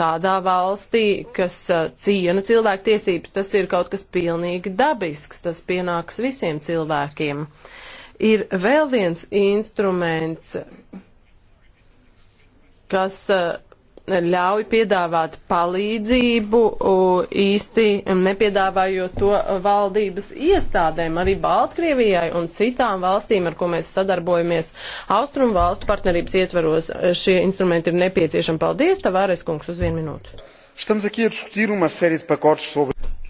tādā valstī, kas uh, ciena cilvēku tiesības, tas ir kaut kas pilnīgi dabisks, tas pienāks visiem cilvēkiem. Ir vēl viens instruments, kas uh, ļauj piedāvāt palīdzību, īsti nepiedāvājot to valdības iestādēm, arī Baltkrievijai un citām valstīm, ar ko mēs sadarbojamies Austrum valstu partnerības ietvaros. Šie instrumenti ir nepieciešami. Paldies, Tavāres kungs, uz vienu minūtu.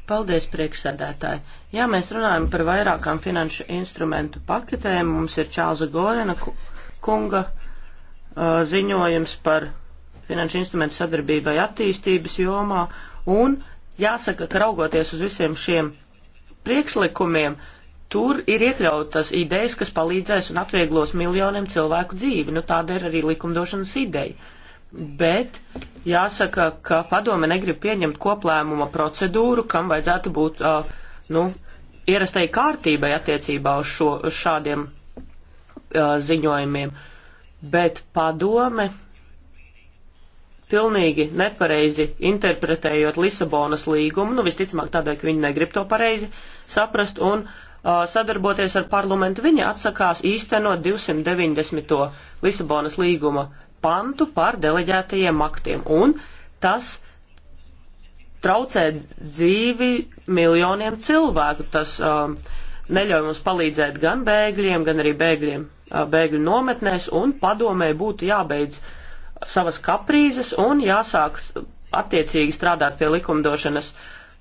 Paldies, priekšsēdētāji. Jā, mēs runājam par vairākām finanšu instrumentu paketēm. Mums ir Čāza Gorena kunga uh, ziņojums par finanšu instrumentu sadarbībai attīstības jomā. Un jāsaka, ka raugoties uz visiem šiem priekšlikumiem, tur ir iekļautas idejas, kas palīdzēs un atvieglos miljoniem cilvēku dzīvi. Nu, tāda ir arī likumdošanas ideja. Bet jāsaka, ka padome negrib pieņemt koplēmuma procedūru, kam vajadzētu būt uh, nu, ierastai kārtībai attiecībā uz, šo, uz šādiem uh, ziņojumiem. Bet padome pilnīgi nepareizi interpretējot Lisabonas līgumu, nu visticamāk tādēļ, ka viņi negrib to pareizi saprast, un uh, sadarboties ar parlamentu viņa atsakās īstenot 290. Lisabonas līguma pantu par deleģētajiem aktiem, un tas traucē dzīvi miljoniem cilvēku, tas um, neļauj mums palīdzēt gan bēgļiem, gan arī bēgļiem, uh, bēgļu nometnēs, un padomē būtu jābeidz uh, savas kaprīzes un jāsāk attiecīgi strādāt pie likumdošanas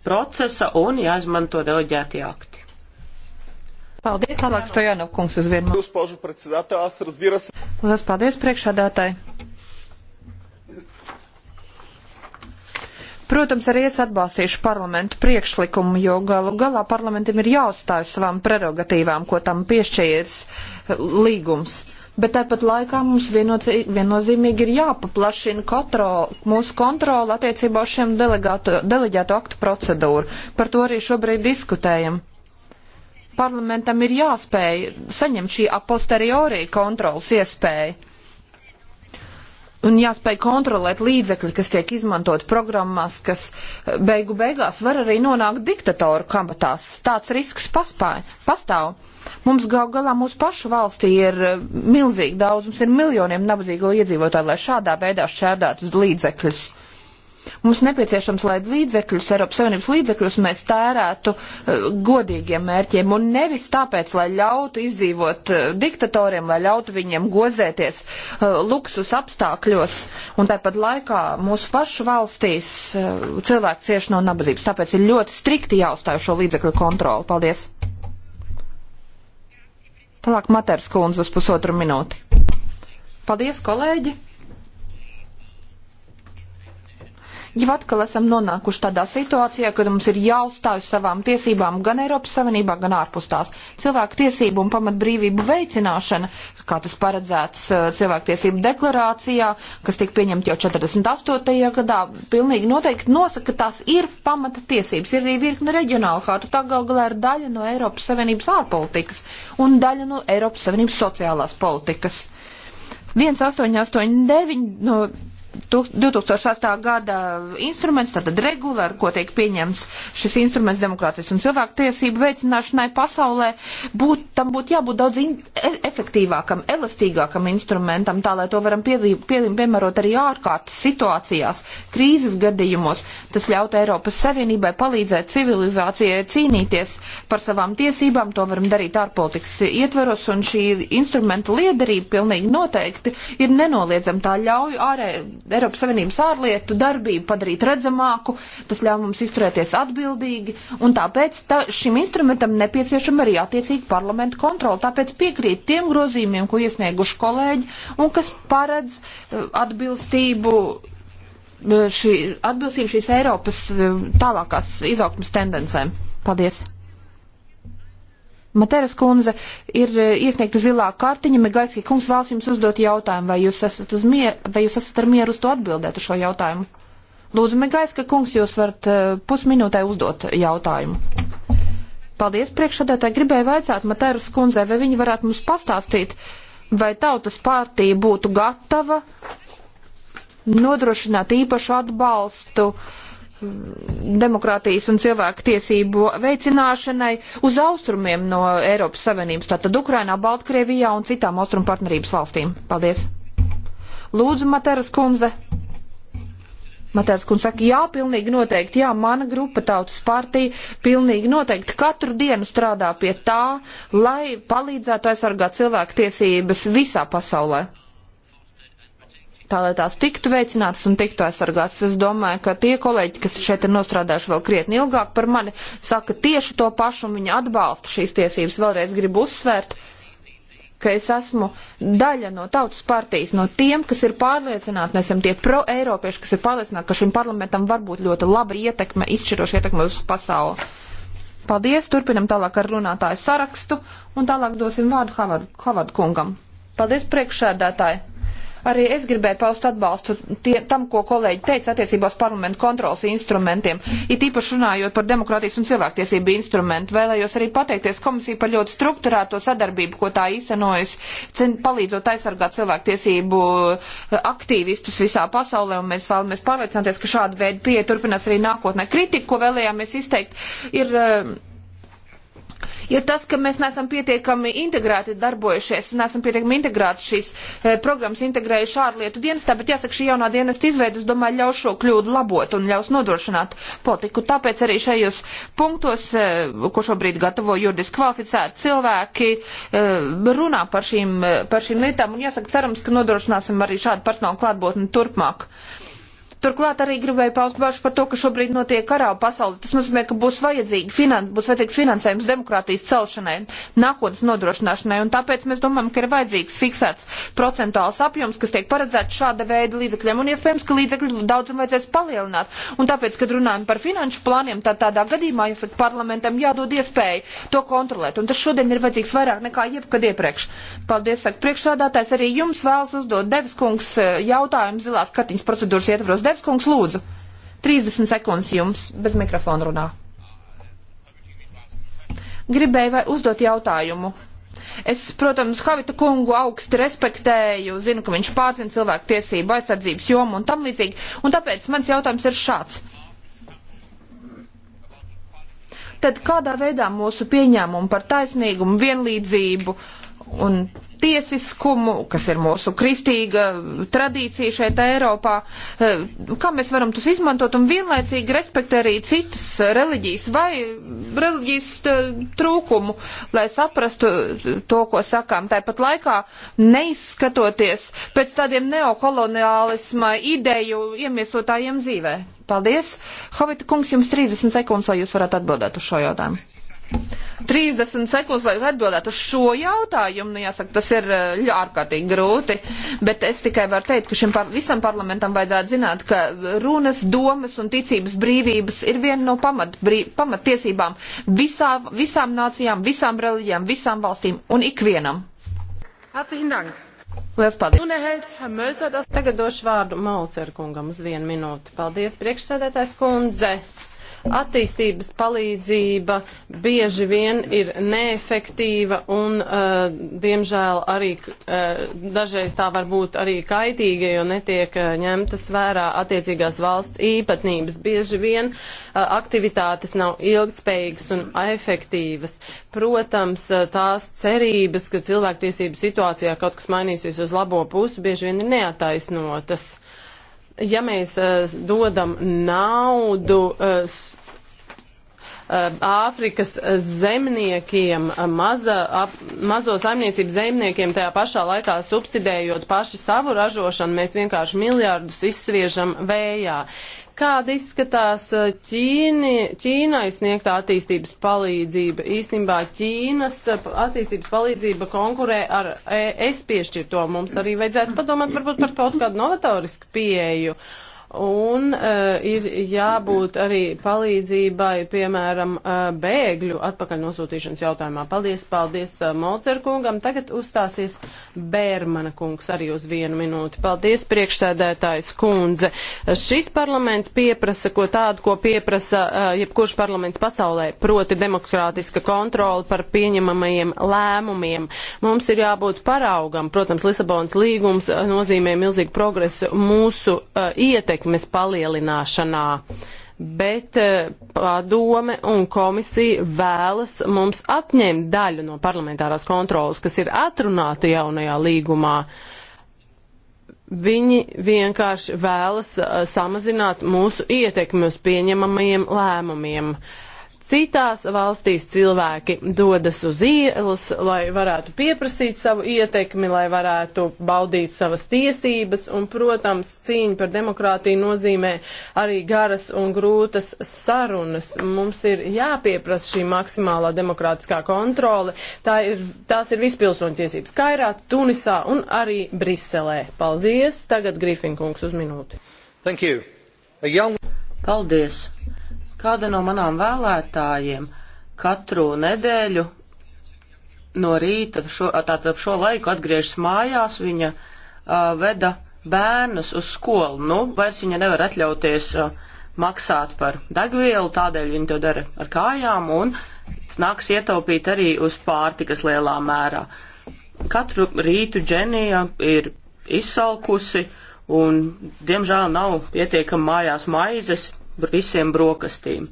procesa un jāizmanto deleģēti akti. Paldies, Aleks Tojanu kungs, uz vienu. Jūs, paužu prezidentātās, razdiras. Lielas paldies priekšādātāji. Protams, arī es atbalstīšu parlamentu priekšlikumu, jo galu galā parlamentam ir jāuzstāj savām prerogatīvām, ko tam piešķīrs eh, līgums bet tāpat laikā mums viennozīmīgi ir jāpaplašina kontro, mūsu kontrola attiecībā uz šiem deleģēto aktu procedūru. Par to arī šobrīd diskutējam. Parlamentam ir jāspēj saņemt šī aposteriori kontrolas iespēja un jāspēj kontrolēt līdzekļi, kas tiek izmantot programmās, kas eh, beigu beigās var arī nonākt diktatoru kamatās. Tāds risks paspāja, pastāv. Mums gal galā mūsu pašu valstī ir eh, milzīgi daudzums, ir miljoniem nabadzīgo iedzīvotāju, lai šādā veidā šķērdētu līdzekļus. Mums nepieciešams, lai līdzekļus, Eiropas Savienības līdzekļus mēs tērētu uh, godīgiem mērķiem un nevis tāpēc, lai ļautu izdzīvot uh, diktatoriem, lai ļautu viņiem gozēties uh, luksus apstākļos un tāpat laikā mūsu pašu valstīs cilvēki cieši no nabadzības. Tāpēc ir ļoti strikti jāuzstāj šo līdzekļu kontroli. Paldies! Tālāk Maters kundze uz pusotru minūti. Paldies, kolēģi! jau atkal esam nonākuši tādā situācijā, kad mums ir jāuzstāj savām tiesībām gan Eiropas Savienībā, gan ārpus tās. Cilvēku tiesību un pamatbrīvību veicināšana, kā tas paredzēts eh, cilvēktiesību deklarācijā, kas tika pieņemta jau 48. gadā, pilnīgi noteikti nosaka, ka tās ir pamata tiesības. Ir arī virkne reģionāla harta, tā gal galā ir daļa no Eiropas Savienības ārpolitikas un daļa no Eiropas Savienības sociālās politikas. 1889 no 2008. gada instruments, tātad regula, ar ko tiek pieņems šis instruments demokrātijas un cilvēku tiesību veicināšanai pasaulē, būt, tam būtu jābūt daudz in, efektīvākam, elastīgākam instrumentam, tā lai to varam pielīm, pielīm, piemērot arī ārkārtas situācijās, krīzes gadījumos. Tas ļaut Eiropas Savienībai palīdzēt civilizācijai cīnīties par savām tiesībām, to varam darīt ārpolitikas ietveros, un šī instrumenta liederība pilnīgi noteikti ir nenoliedzama. Tā ļauj ārē Eiropas Savienības ārlietu darbību padarīt redzamāku, tas ļauj mums izturēties atbildīgi, un tāpēc tā, šim instrumentam nepieciešama arī attiecīga parlamenta kontrola. Tāpēc piekrīt tiem grozījumiem, ko iesnieguši kolēģi, un kas paredz eh, atbilstību. Eh, šī, atbilstība šīs Eiropas eh, tālākās izaugsmas tendencēm. Paldies! Materas kundze ir e, iesniegta zilā kartiņa. Miglaiski kungs vēlas jums uzdot jautājumu, vai jūs esat, mier, vai jūs esat ar mieru uz to atbildēt uz šo jautājumu. Lūdzu, Miglaiska kungs, jūs varat e, pusminūtē uzdot jautājumu. Paldies priekšsādātāji. Gribēju vaicāt Materas kundzei, vai viņi varētu mums pastāstīt, vai tautas partija būtu gatava nodrošināt īpašu atbalstu uh, Mm, demokrātijas un cilvēku tiesību veicināšanai uz austrumiem no Eiropas Savienības, tātad Ukrainā, Baltkrievijā un citām austrumu partnerības valstīm. Paldies! Lūdzu, Materas kundze! Matērs kundze saka, jā, pilnīgi noteikti, jā, mana grupa tautas partija pilnīgi noteikti katru dienu strādā pie tā, lai palīdzētu aizsargāt cilvēku tiesības visā pasaulē tā lai tās tiktu veicinātas un tiktu aizsargātas. Es domāju, ka tie kolēģi, kas šeit ir nostrādājuši vēl krietni ilgāk par mani, saka tieši to pašu un viņi atbalsta šīs tiesības. Vēlreiz gribu uzsvērt, ka es esmu daļa no tautas partijas, no tiem, kas ir pārliecināti, mēs esam tie pro-eiropieši, kas ir pārliecināti, ka šim parlamentam var būt ļoti laba ietekme, izšķiroša ietekme uz pasauli. Paldies, turpinam tālāk ar runātāju sarakstu un tālāk dosim vārdu Havard, Havard kungam. Paldies, priekšsēdētāji! Arī es gribēju paust atbalstu tie, tam, ko kolēģi teica attiecībās parlamentu kontrolas instrumentiem. It īpaši runājot par demokrātijas un cilvēktiesību instrumentu, vēlējos arī pateikties komisiju par ļoti strukturēto sadarbību, ko tā īstenojas, palīdzot aizsargāt cilvēktiesību eh, aktīvistus visā pasaulē, un mēs vēlamies pārliecināties, ka šāda veida pieeja turpinās arī nākotnē. Kritika, ko vēlējāmies izteikt, ir. Uh, ir tas, ka mēs neesam pietiekami integrēti darbojušies, neesam pietiekami integrēti šīs e, programmas integrējuši ārlietu dienestā, bet jāsaka, šī jaunā dienesta izveida, es domāju, ļaus šo kļūdu labot un ļaus nodrošināt politiku. Tāpēc arī šajos punktos, e, ko šobrīd gatavo juridiski kvalificēti cilvēki, e, runā par šīm, e, par šīm lietām un jāsaka, cerams, ka nodrošināsim arī šādu personālu klātbotni turpmāk. Uh, Turklāt arī gribēju paust bažu par to, ka šobrīd notiek karā pasauli. Tas nozīmē, ka būs, finan būs vajadzīgs finansējums demokrātijas celšanai, nākotnes nodrošināšanai, un tāpēc mēs domājam, ka ir vajadzīgs fiksēts procentuāls apjoms, kas tiek paredzēts šāda veida līdzekļiem, un iespējams, ka līdzekļu daudzumu vajadzēs palielināt. Un tāpēc, kad runājam par finanšu plāniem, tad tādā gadījumā, jāsaka, parlamentam jādod iespēja to kontrolēt, un tas šodien ir vajadzīgs vairāk nekā jebkad iepriekš. Paldies, saka priekšsādātājs, arī jums vēlas uzdot Devis kungs eh, jautājumu zilās kartiņas procedūras ietvaros. Zalevskungs, lūdzu, 30 sekundes jums bez mikrofona runā. Gribēju uzdot jautājumu. Es, protams, Havita kungu augstu respektēju, zinu, ka viņš pārzina cilvēku tiesību aizsardzības jomu un tam līdzīgi, un tāpēc mans jautājums ir šāds. Tad kādā veidā mūsu pieņēmumu par taisnīgumu, vienlīdzību uh, un tiesiskumu, kas ir mūsu kristīga tradīcija šeit Eiropā, eh, kā mēs varam tos izmantot un vienlaicīgi respektēt arī citas reliģijas vai reliģijas eh, trūkumu, lai saprastu to, ko sakām. Tāpat laikā neizskatoties pēc tādiem neokoloniālisma ideju iemiesotājiem dzīvē. Paldies! Havita kungs, jums 30 sekundes, lai jūs varētu atbildēt uz šo jautājumu. 30 sekundes, lai atbildētu uz šo jautājumu, nu jāsaka, tas ir eh, ārkārtīgi grūti, bet es tikai varu teikt, ka šim par, visam parlamentam vajadzētu zināt, ka runas, domas un ticības brīvības ir viena no pamat, brī, pamattiesībām visā, visām nācijām, visām reliģijām, visām valstīm un ikvienam. Herzlichen Dank! Lielas paldies! Tagad došu vārdu Maucer kungam uz vienu minūti. Paldies, priekšsēdētājs kundze! Attīstības palīdzība bieži vien ir neefektīva un, uh, diemžēl, arī uh, dažreiz tā var būt arī kaitīga, jo netiek uh, ņemtas vērā attiecīgās valsts īpatnības. Bieži vien uh, aktivitātes nav ilgtspējīgas un efektīvas. Protams, uh, tās cerības, ka cilvēktiesību situācijā kaut kas mainīsies uz labo pusi, bieži vien ir neataisnotas ja mēs uh, dodam naudu uh, Um, Āfrikas zemniekiem, um, maza, ap, mazo saimniecību zemniekiem, tajā pašā laikā subsidējot paši savu ražošanu, mēs vienkārši miljārdus izsviežam vējā. Kāda izskatās uh, Ķīni, Ķīnai sniegtā attīstības palīdzība? Īstenībā Ķīnas uh, attīstības palīdzība konkurē ar e, es piešķirto. Mums arī vajadzētu padomāt varbūt par kaut kādu novatorisku pieeju. Uh, Un uh, ir jābūt arī palīdzībai, piemēram, uh, bēgļu atpakaļ nosūtīšanas jautājumā. Paldies, paldies uh, Molcer kungam. Tagad uzstāsies Bērmana kungs arī uz vienu minūti. Paldies, priekšsēdētājs kundze. Uh, šis parlaments pieprasa ko tādu, ko pieprasa uh, jebkurš parlaments pasaulē, proti demokrātiska kontrola par pieņemamajiem lēmumiem. Mums ir jābūt paraugam. Protams, Lisabonas līgums nozīmē milzīgu progresu mūsu uh, ietekmi ietekmes palielināšanā. Bet eh, padome un komisija vēlas mums atņemt daļu no parlamentārās kontrolas, kas ir atrunāta jaunajā līgumā. Viņi vienkārši vēlas eh, samazināt mūsu ietekmi uz pieņemamajiem lēmumiem. Uh, Citās valstīs cilvēki dodas uz ielas, lai varētu pieprasīt savu ietekmi, lai varētu baudīt savas tiesības, un, protams, cīņa par demokrātiju nozīmē arī garas un grūtas sarunas. Mums ir jāpieprasa šī maksimālā demokrātiskā kontrole. Tā ir, tās ir vispilsoņu tiesības Kairā, Tunisā un arī Briselē. Paldies! Tagad Grifinkungs uz minūti. Young... Paldies! Kāda no manām vēlētājiem katru nedēļu no rīta, šo, tātad šo laiku atgriežas mājās, viņa uh, veda bērnus uz skolu. Nu, vairs viņa nevar atļauties uh, maksāt par degvielu, tādēļ viņa to dara ar kājām un nāks ietaupīt arī uz pārtikas lielā mērā. Katru rītu Dženija ir izsalkusi un, diemžēl, nav pietiekama mājās maizes, visiem brokastīm.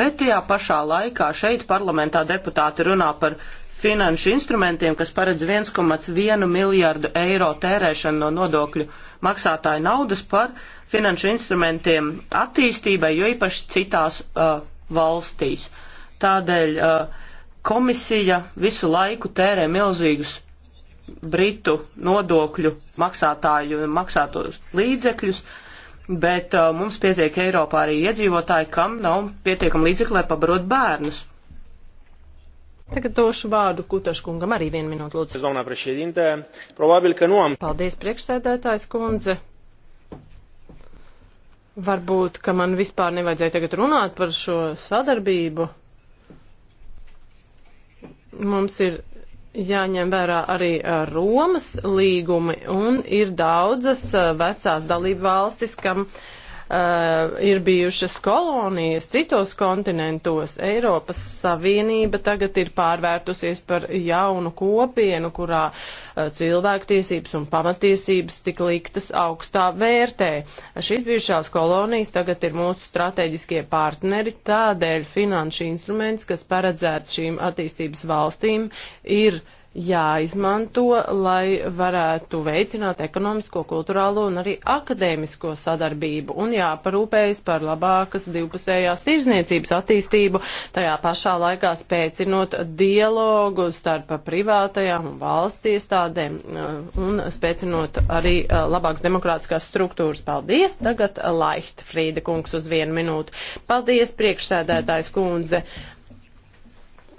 Bet tajā pašā laikā šeit parlamentā deputāti runā par finanšu instrumentiem, kas paredz 1,1 miljārdu eiro tērēšanu no nodokļu maksātāju naudas par finanšu instrumentiem attīstībai, jo īpaši citās uh, valstīs. Tādēļ uh, komisija visu laiku tērē milzīgus britu nodokļu maksātāju maksātos līdzekļus, bet uh, mums pietiek Eiropā arī iedzīvotāji, kam nav pietiekami līdzekļi, lai pabarot bērnus. Tagad došu vārdu Kutaškungam arī vienu minūtu lūdzu. Domnā prešēdinte, probabil, ka nom. Nu Paldies, priekšsēdētājs kundze. Varbūt, ka man vispār nevajadzēja tagad runāt par šo sadarbību. Mums ir jāņem vērā arī Romas līgumi, un ir daudzas vecās dalību valstis, kam uh, uh, ir bijušas kolonijas citos kontinentos. Eiropas Savienība tagad ir pārvērtusies par jaunu kopienu, kurā uh, cilvēktiesības un pamatiesības tik liktas augstā vērtē. Šīs bijušās kolonijas tagad ir mūsu strateģiskie partneri, tādēļ finanšu instruments, kas paredzēts šīm attīstības valstīm, ir uh, jāizmanto, lai varētu veicināt ekonomisko, kulturālo un arī akadēmisko sadarbību un jāparūpējas par labākas divpusējās tirzniecības attīstību, tajā pašā laikā spēcinot dialogu starp privātajām un valsts iestādēm uh, un spēcinot arī uh, labākas demokrātiskās struktūras. Paldies! Tagad Laiht Frīda kungs uz vienu minūtu. Paldies, priekšsēdētājs kundze! Uh,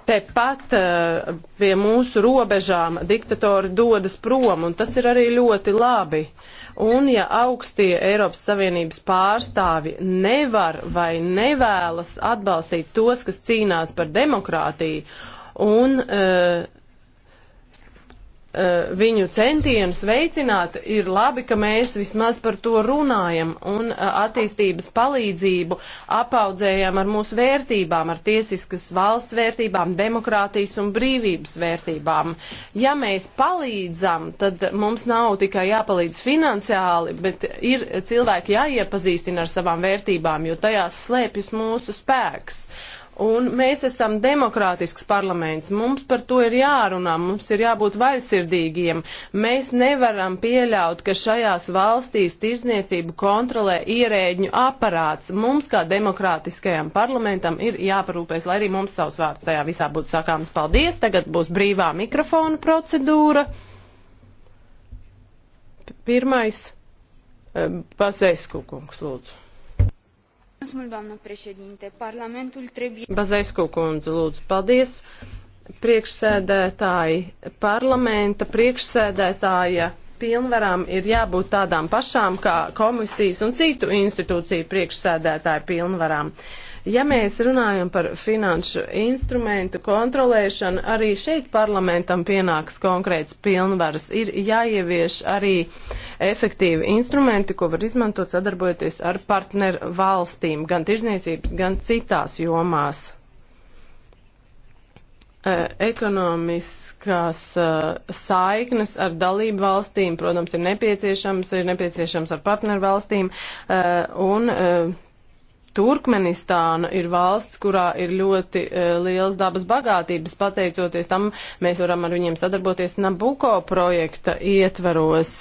Tepat eh, pie mūsu robežām diktatori dodas prom, un tas ir arī ļoti labi. Un ja augstie Eiropas Savienības pārstāvi nevar vai nevēlas atbalstīt tos, kas cīnās par demokrātiju, un uh, Eh, viņu centienus veicināt, ir labi, ka mēs vismaz par to runājam un eh, attīstības palīdzību apaudzējam ar mūsu vērtībām, ar tiesiskas valsts vērtībām, demokrātijas un brīvības vērtībām. Ja mēs palīdzam, tad mums nav tikai jāpalīdz finansiāli, bet ir cilvēki jāiepazīstina ar savām vērtībām, jo tajās slēpjas mūsu spēks. Un mēs esam demokrātisks parlaments. Mums par to ir jārunā, mums ir jābūt vaļsirdīgiem. Mēs nevaram pieļaut, ka šajās valstīs tirzniecību kontrolē ierēģņu aparāts. Mums, kā demokrātiskajam parlamentam, ir jāparūpēs, lai arī mums savs vārds tajā visā būtu sakāms. Paldies! Tagad būs brīvā mikrofona procedūra. P pirmais. Eh, Pasēsku kungs, lūdzu. Parlamentul trebuie. Bazaisko kundze, lūdzu, paldies. Priekšsēdētāji, parlamenta priekšsēdētāja pilnvarām ir jābūt tādām pašām kā komisijas un citu institūciju priekšsēdētāju pilnvarām. Uh, Ja mēs runājam par finanšu instrumentu kontrolēšanu, arī šeit parlamentam pienāks konkrēts pilnvaras. Ir jāievieš arī efektīvi instrumenti, ko var izmantot sadarbojoties ar partneru valstīm, gan tirzniecības, gan citās jomās e, ekonomiskās e, saiknes ar dalību valstīm, protams, ir nepieciešams, ir nepieciešams ar partneru valstīm, e, un Turkmenistāna ir valsts, kurā ir ļoti uh, liels dabas bagātības. Pateicoties tam, mēs varam ar viņiem sadarboties Nabuko projekta ietvaros.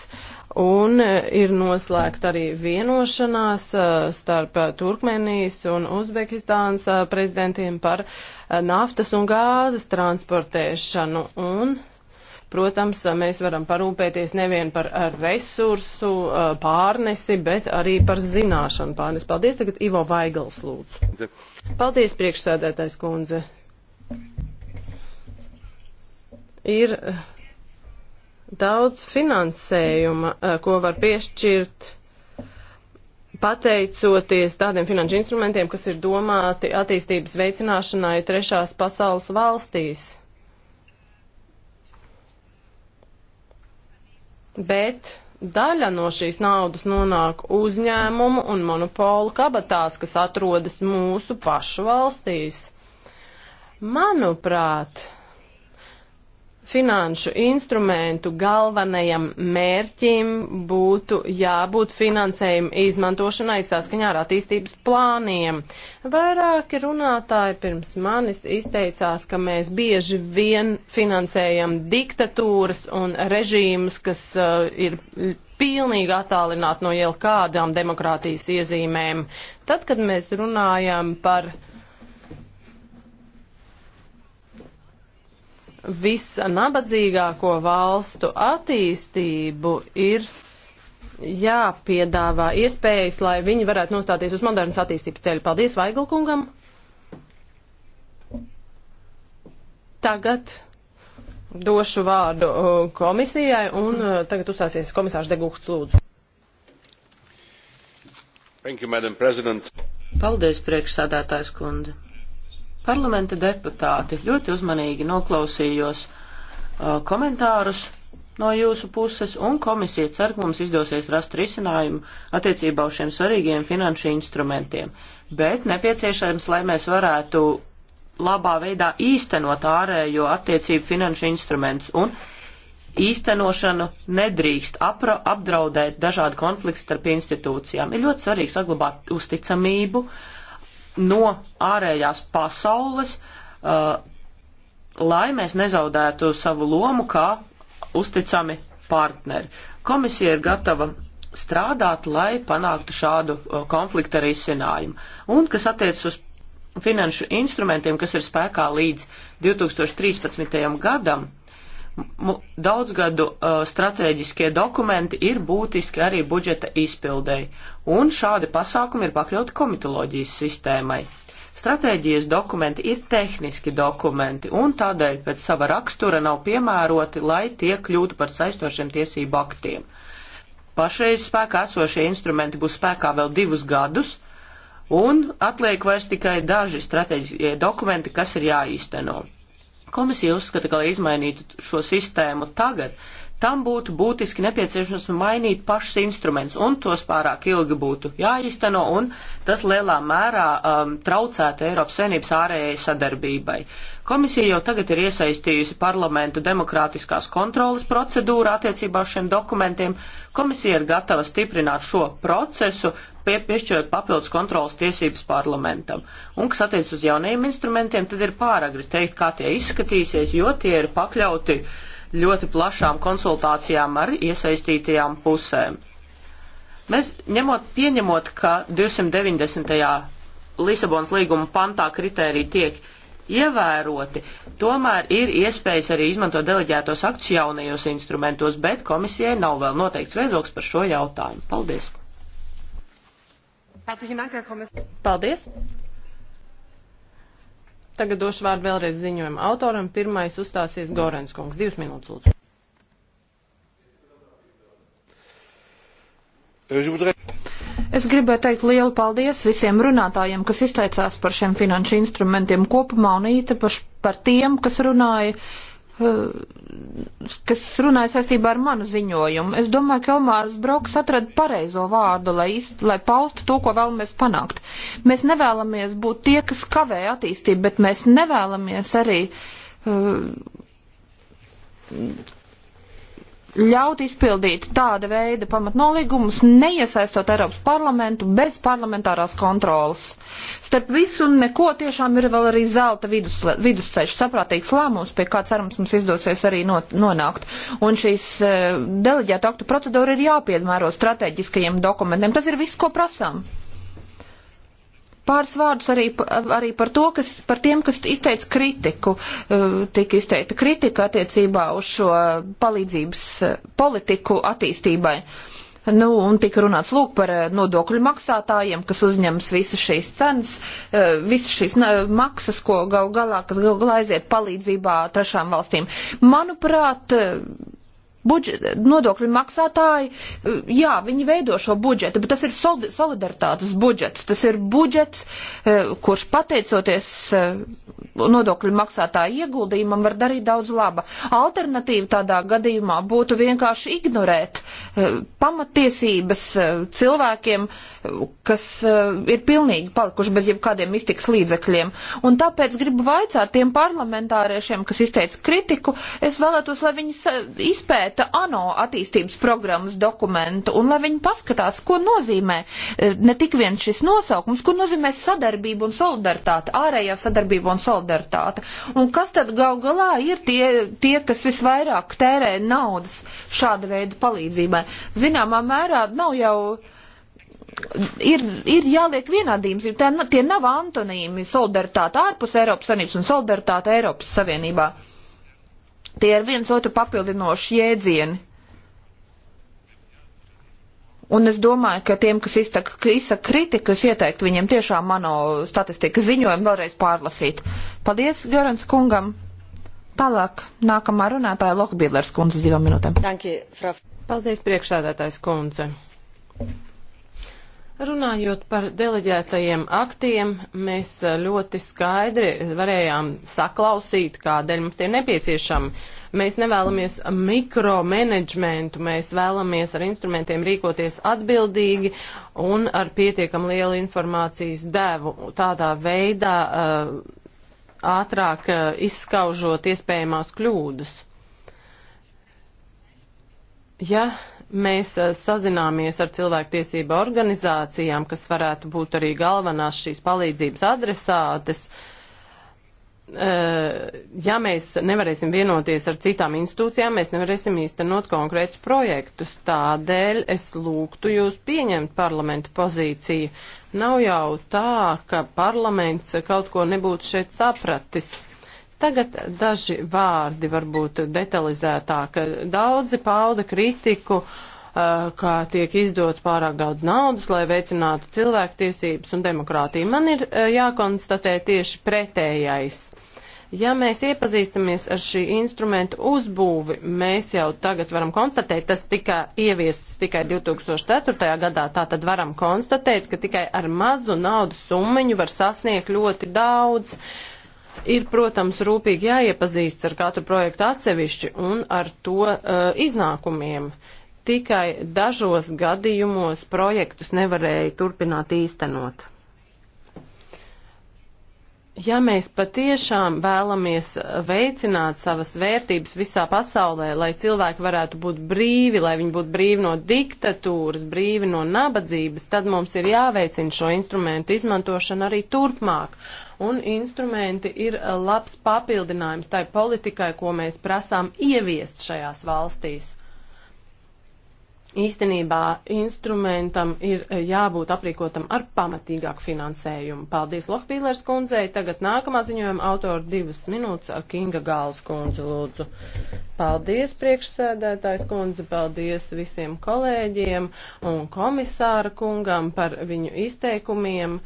Un e, ir noslēgta arī vienošanās e, starp Turkmenijas un Uzbekistānas prezidentiem par naftas un gāzes transportēšanu. Un Protams, mēs varam parūpēties nevien par resursu pārnesi, bet arī par zināšanu pārnesi. Paldies, tagad Ivo Vaigls lūdzu. Paldies, priekšsēdētājs kundze. Ir daudz finansējuma, ko var piešķirt pateicoties tādiem finanšu instrumentiem, kas ir domāti attīstības veicināšanai trešās pasaules valstīs. bet daļa no šīs naudas nonāk uzņēmumu un monopolu kabatās, kas atrodas mūsu pašu valstīs. Manuprāt, finanšu instrumentu galvenajam mērķim būtu jābūt finansējuma izmantošanai saskaņā ar attīstības plāniem. Vairāki runātāji pirms manis izteicās, ka mēs bieži vien finansējam diktatūras un režīmus, kas uh, ir pilnīgi attālināti no jau kādām demokrātijas iezīmēm. Tad, kad mēs runājam par uh, visnabadzīgāko valstu attīstību ir jāpiedāvā iespējas, lai viņi varētu nostāties uz modernas attīstības ceļu. Paldies Vaiglkungam! Tagad došu vārdu uh, komisijai un uh, tagad uzstāsies komisārs Degūks lūdzu. Thank you, Madam President. Paldies, priekšsādātājs kundze. Parlamenta deputāti, ļoti uzmanīgi noklausījos uh, komentārus no jūsu puses, un komisija cer, ka mums izdosies rast risinājumu attiecībā uz šiem svarīgiem finanšu instrumentiem. Bet nepieciešams, lai mēs varētu labā veidā īstenot ārējo attiecību finanšu instrumentus, un īstenošanu nedrīkst apra, apdraudēt dažādi konflikti starp institūcijām. Ir ļoti svarīgi saglabāt uzticamību. Uh, no ārējās pasaules, uh, lai mēs nezaudētu savu lomu kā uzticami partneri. Komisija ir gatava strādāt, lai panāktu šādu uh, konflikta risinājumu. Un kas attiec uz finanšu instrumentiem, kas ir spēkā līdz 2013. gadam, daudzgadu uh, stratēģiskie dokumenti ir būtiski arī budžeta izpildēji un šādi pasākumi ir pakļauti komitoloģijas sistēmai. Stratēģijas dokumenti ir tehniski dokumenti, un tādēļ pēc sava rakstura nav piemēroti, lai tie kļūtu par saistošiem tiesību aktiem. Pašreiz spēkā esošie instrumenti būs spēkā vēl divus gadus, un atliek vairs tikai daži stratēģiskie dokumenti, kas ir jāīsteno. Komisija uzskata, ka, lai izmainītu šo sistēmu tagad, Tam būtu būtiski nepieciešams mainīt pašus instrumentus, un tos pārāk ilgi būtu jāizteno, un tas lielā mērā um, traucētu Eiropas Savienības ārējai sadarbībai. Komisija jau tagad ir iesaistījusi parlamentu demokrātiskās kontrolas procedūru attiecībā uz šiem dokumentiem. Komisija ir gatava stiprināt šo procesu, pie, piešķirot papildus kontrolas tiesības parlamentam. Un, kas attiec uz jaunajiem instrumentiem, tad ir pāragri teikt, kā tie izskatīsies, jo tie ir pakļauti uh, ļoti plašām konsultācijām ar iesaistītajām pusēm. Mēs ņemot, pieņemot, ka 290. Lisabonas līguma pantā kritēriji tiek ievēroti, tomēr ir iespējas arī izmantot deleģētos aktus jaunajos instrumentos, bet komisijai nav vēl noteikts viedoklis par šo jautājumu. Paldies! Paldies! Tagad došu vārdu vēlreiz ziņojuma autoram. Pirmais uzstāsies Gorens kungs. Divas minūtes, lūdzu. Euh, es gribēju teikt lielu paldies visiem runātājiem, kas izteicās par šiem finanšu instrumentiem kopumā un īpaši par tiem, kas runāja kas runāja saistībā ar manu ziņojumu. Es domāju, ka Elmārs Broks atrada pareizo vārdu, lai, izt, lai paustu to, ko vēlamies panākt. Mēs nevēlamies būt tie, kas kavē attīstību, bet mēs nevēlamies arī uh, ļaut izpildīt tāda veida pamatnolīgumus, neiesaistot Eiropas parlamentu bez parlamentārās kontrolas. Starp visu un neko tiešām ir vēl arī zelta vidus, vidusceļš, saprātīgs lēmums, pie kā cerams mums izdosies arī not, nonākt. Un šīs uh, e, deleģēta aktu procedūra ir jāpiedmēro strateģiskajiem dokumentiem. Tas ir viss, ko prasām. Pāris vārdus arī, arī par, to, kas, par tiem, kas izteica kritiku. Eh, tika izteikta kritika attiecībā uz šo palīdzības eh, politiku attīstībai. Nu, un tika runāts lūk par eh, nodokļu maksātājiem, kas uzņems visas šīs cenas, visas šīs maksas, ko gal galā, kas gal galā aiziet palīdzībā trešām valstīm. Manuprāt, budžet, nodokļu maksātāji, eh, jā, viņi veido šo budžetu, bet tas ir solidaritātes budžets. Tas ir budžets, eh, kurš pateicoties eh, nodokļu maksātāju ieguldījumam var darīt daudz laba. Alternatīva tādā gadījumā būtu vienkārši ignorēt eh, pamatiesības eh, cilvēkiem, kas eh, ir pilnīgi palikuši bez jebkādiem iztiks līdzekļiem. Un tāpēc gribu vaicāt tiem parlamentāriešiem, kas izteica kritiku, es vēlētos, lai viņi izpēta ANO attīstības programmas dokumentu un lai viņi paskatās, ko nozīmē ne tik viens šis nosaukums, ko nozīmē sadarbība un solidaritāte, ārējā sadarbība un solidaritāte solidaritāte. Un kas tad gal galā ir tie, tie kas visvairāk tērē naudas šāda veida palīdzībai? Zināmā mērā nav jau ir, ir jāliek vienādības, jo tā, tie nav antonīmi solidaritāte ārpus Eiropas Savienības un solidaritāte Eiropas Savienībā. Tie ir viens otru papildinoši jēdzieni. Un es domāju, ka tiem, kas izsaka, izsaka kritiku, es ieteiktu viņiem tiešām mano statistikas ziņojumu vēlreiz pārlasīt. Paldies Garants kungam. Tālāk nākamā runātāja Lohbīdlers kundze divām minūtēm. Paldies priekšsēdētājs kundze. Runājot par deleģētajiem aktiem, mēs ļoti skaidri varējām saklausīt, kādēļ mums tie nepieciešami Mēs nevēlamies mikromanagementu, mēs vēlamies ar instrumentiem rīkoties atbildīgi un ar pietiekam lielu informācijas devu. Tādā veidā uh, ātrāk uh, izskaužot iespējamās kļūdas. Ja mēs uh, sazināmies ar cilvēktiesību organizācijām, kas varētu būt arī galvenās šīs palīdzības adresātes, uh, Eh, ja mēs nevarēsim vienoties ar citām institūcijām, mēs nevarēsim īstenot konkrētus projektus. Tādēļ es lūgtu jūs pieņemt parlamentu pozīciju. Nav jau tā, ka parlaments kaut ko nebūtu šeit sapratis. Tagad daži vārdi varbūt detalizētāk. Daudzi pauda kritiku, eh, kā tiek izdots pārāk daudz naudas, lai veicinātu cilvēktiesības un demokrātiju. Man ir eh, jākonstatē tieši pretējais Ja mēs iepazīstamies ar šī instrumenta uzbūvi, mēs jau tagad varam konstatēt, tas tika ieviests tikai 2004. gadā, tā tad varam konstatēt, ka tikai ar mazu naudas summiņu var sasniegt ļoti daudz. Ir, protams, rūpīgi jāiepazīst ar katru projektu atsevišķi un ar to uh, iznākumiem. Tikai dažos gadījumos projektus nevarēja turpināt īstenot. Ja mēs patiešām vēlamies veicināt savas vērtības visā pasaulē, lai cilvēki varētu būt brīvi, lai viņi būtu brīvi no diktatūras, brīvi no nabadzības, tad mums ir jāveicina šo instrumentu izmantošana arī turpmāk. Un instrumenti ir labs papildinājums tai politikai, ko mēs prasām ieviest šajās valstīs. Īstenībā instrumentam ir e, jābūt aprīkotam ar pamatīgāku finansējumu. Paldies Lohpīlers kundzei. Tagad nākamā ziņojuma autora divas minūtes Kinga Gāls kundze lūdzu. Paldies priekšsēdētājs kundze, paldies visiem kolēģiem un komisāra kungam par viņu izteikumiem.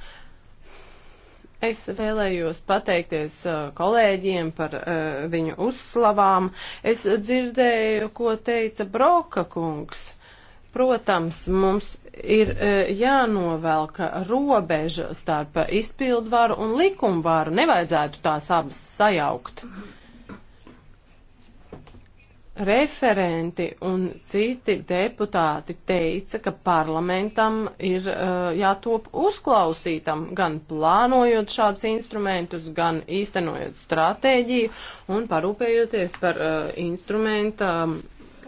Es vēlējos pateikties kolēģiem par e, viņu uzslavām. Es dzirdēju, ko teica Broka kungs Protams, mums ir e, jānovelk robeža starp izpildvaru un likumvaru. Nevajadzētu tās abas sajaukt. Referenti un citi deputāti teica, ka parlamentam ir uh, jātop uzklausītam gan plānojot šādus instrumentus, gan īstenojot stratēģiju un parūpējoties par uh, instrumenta. Um,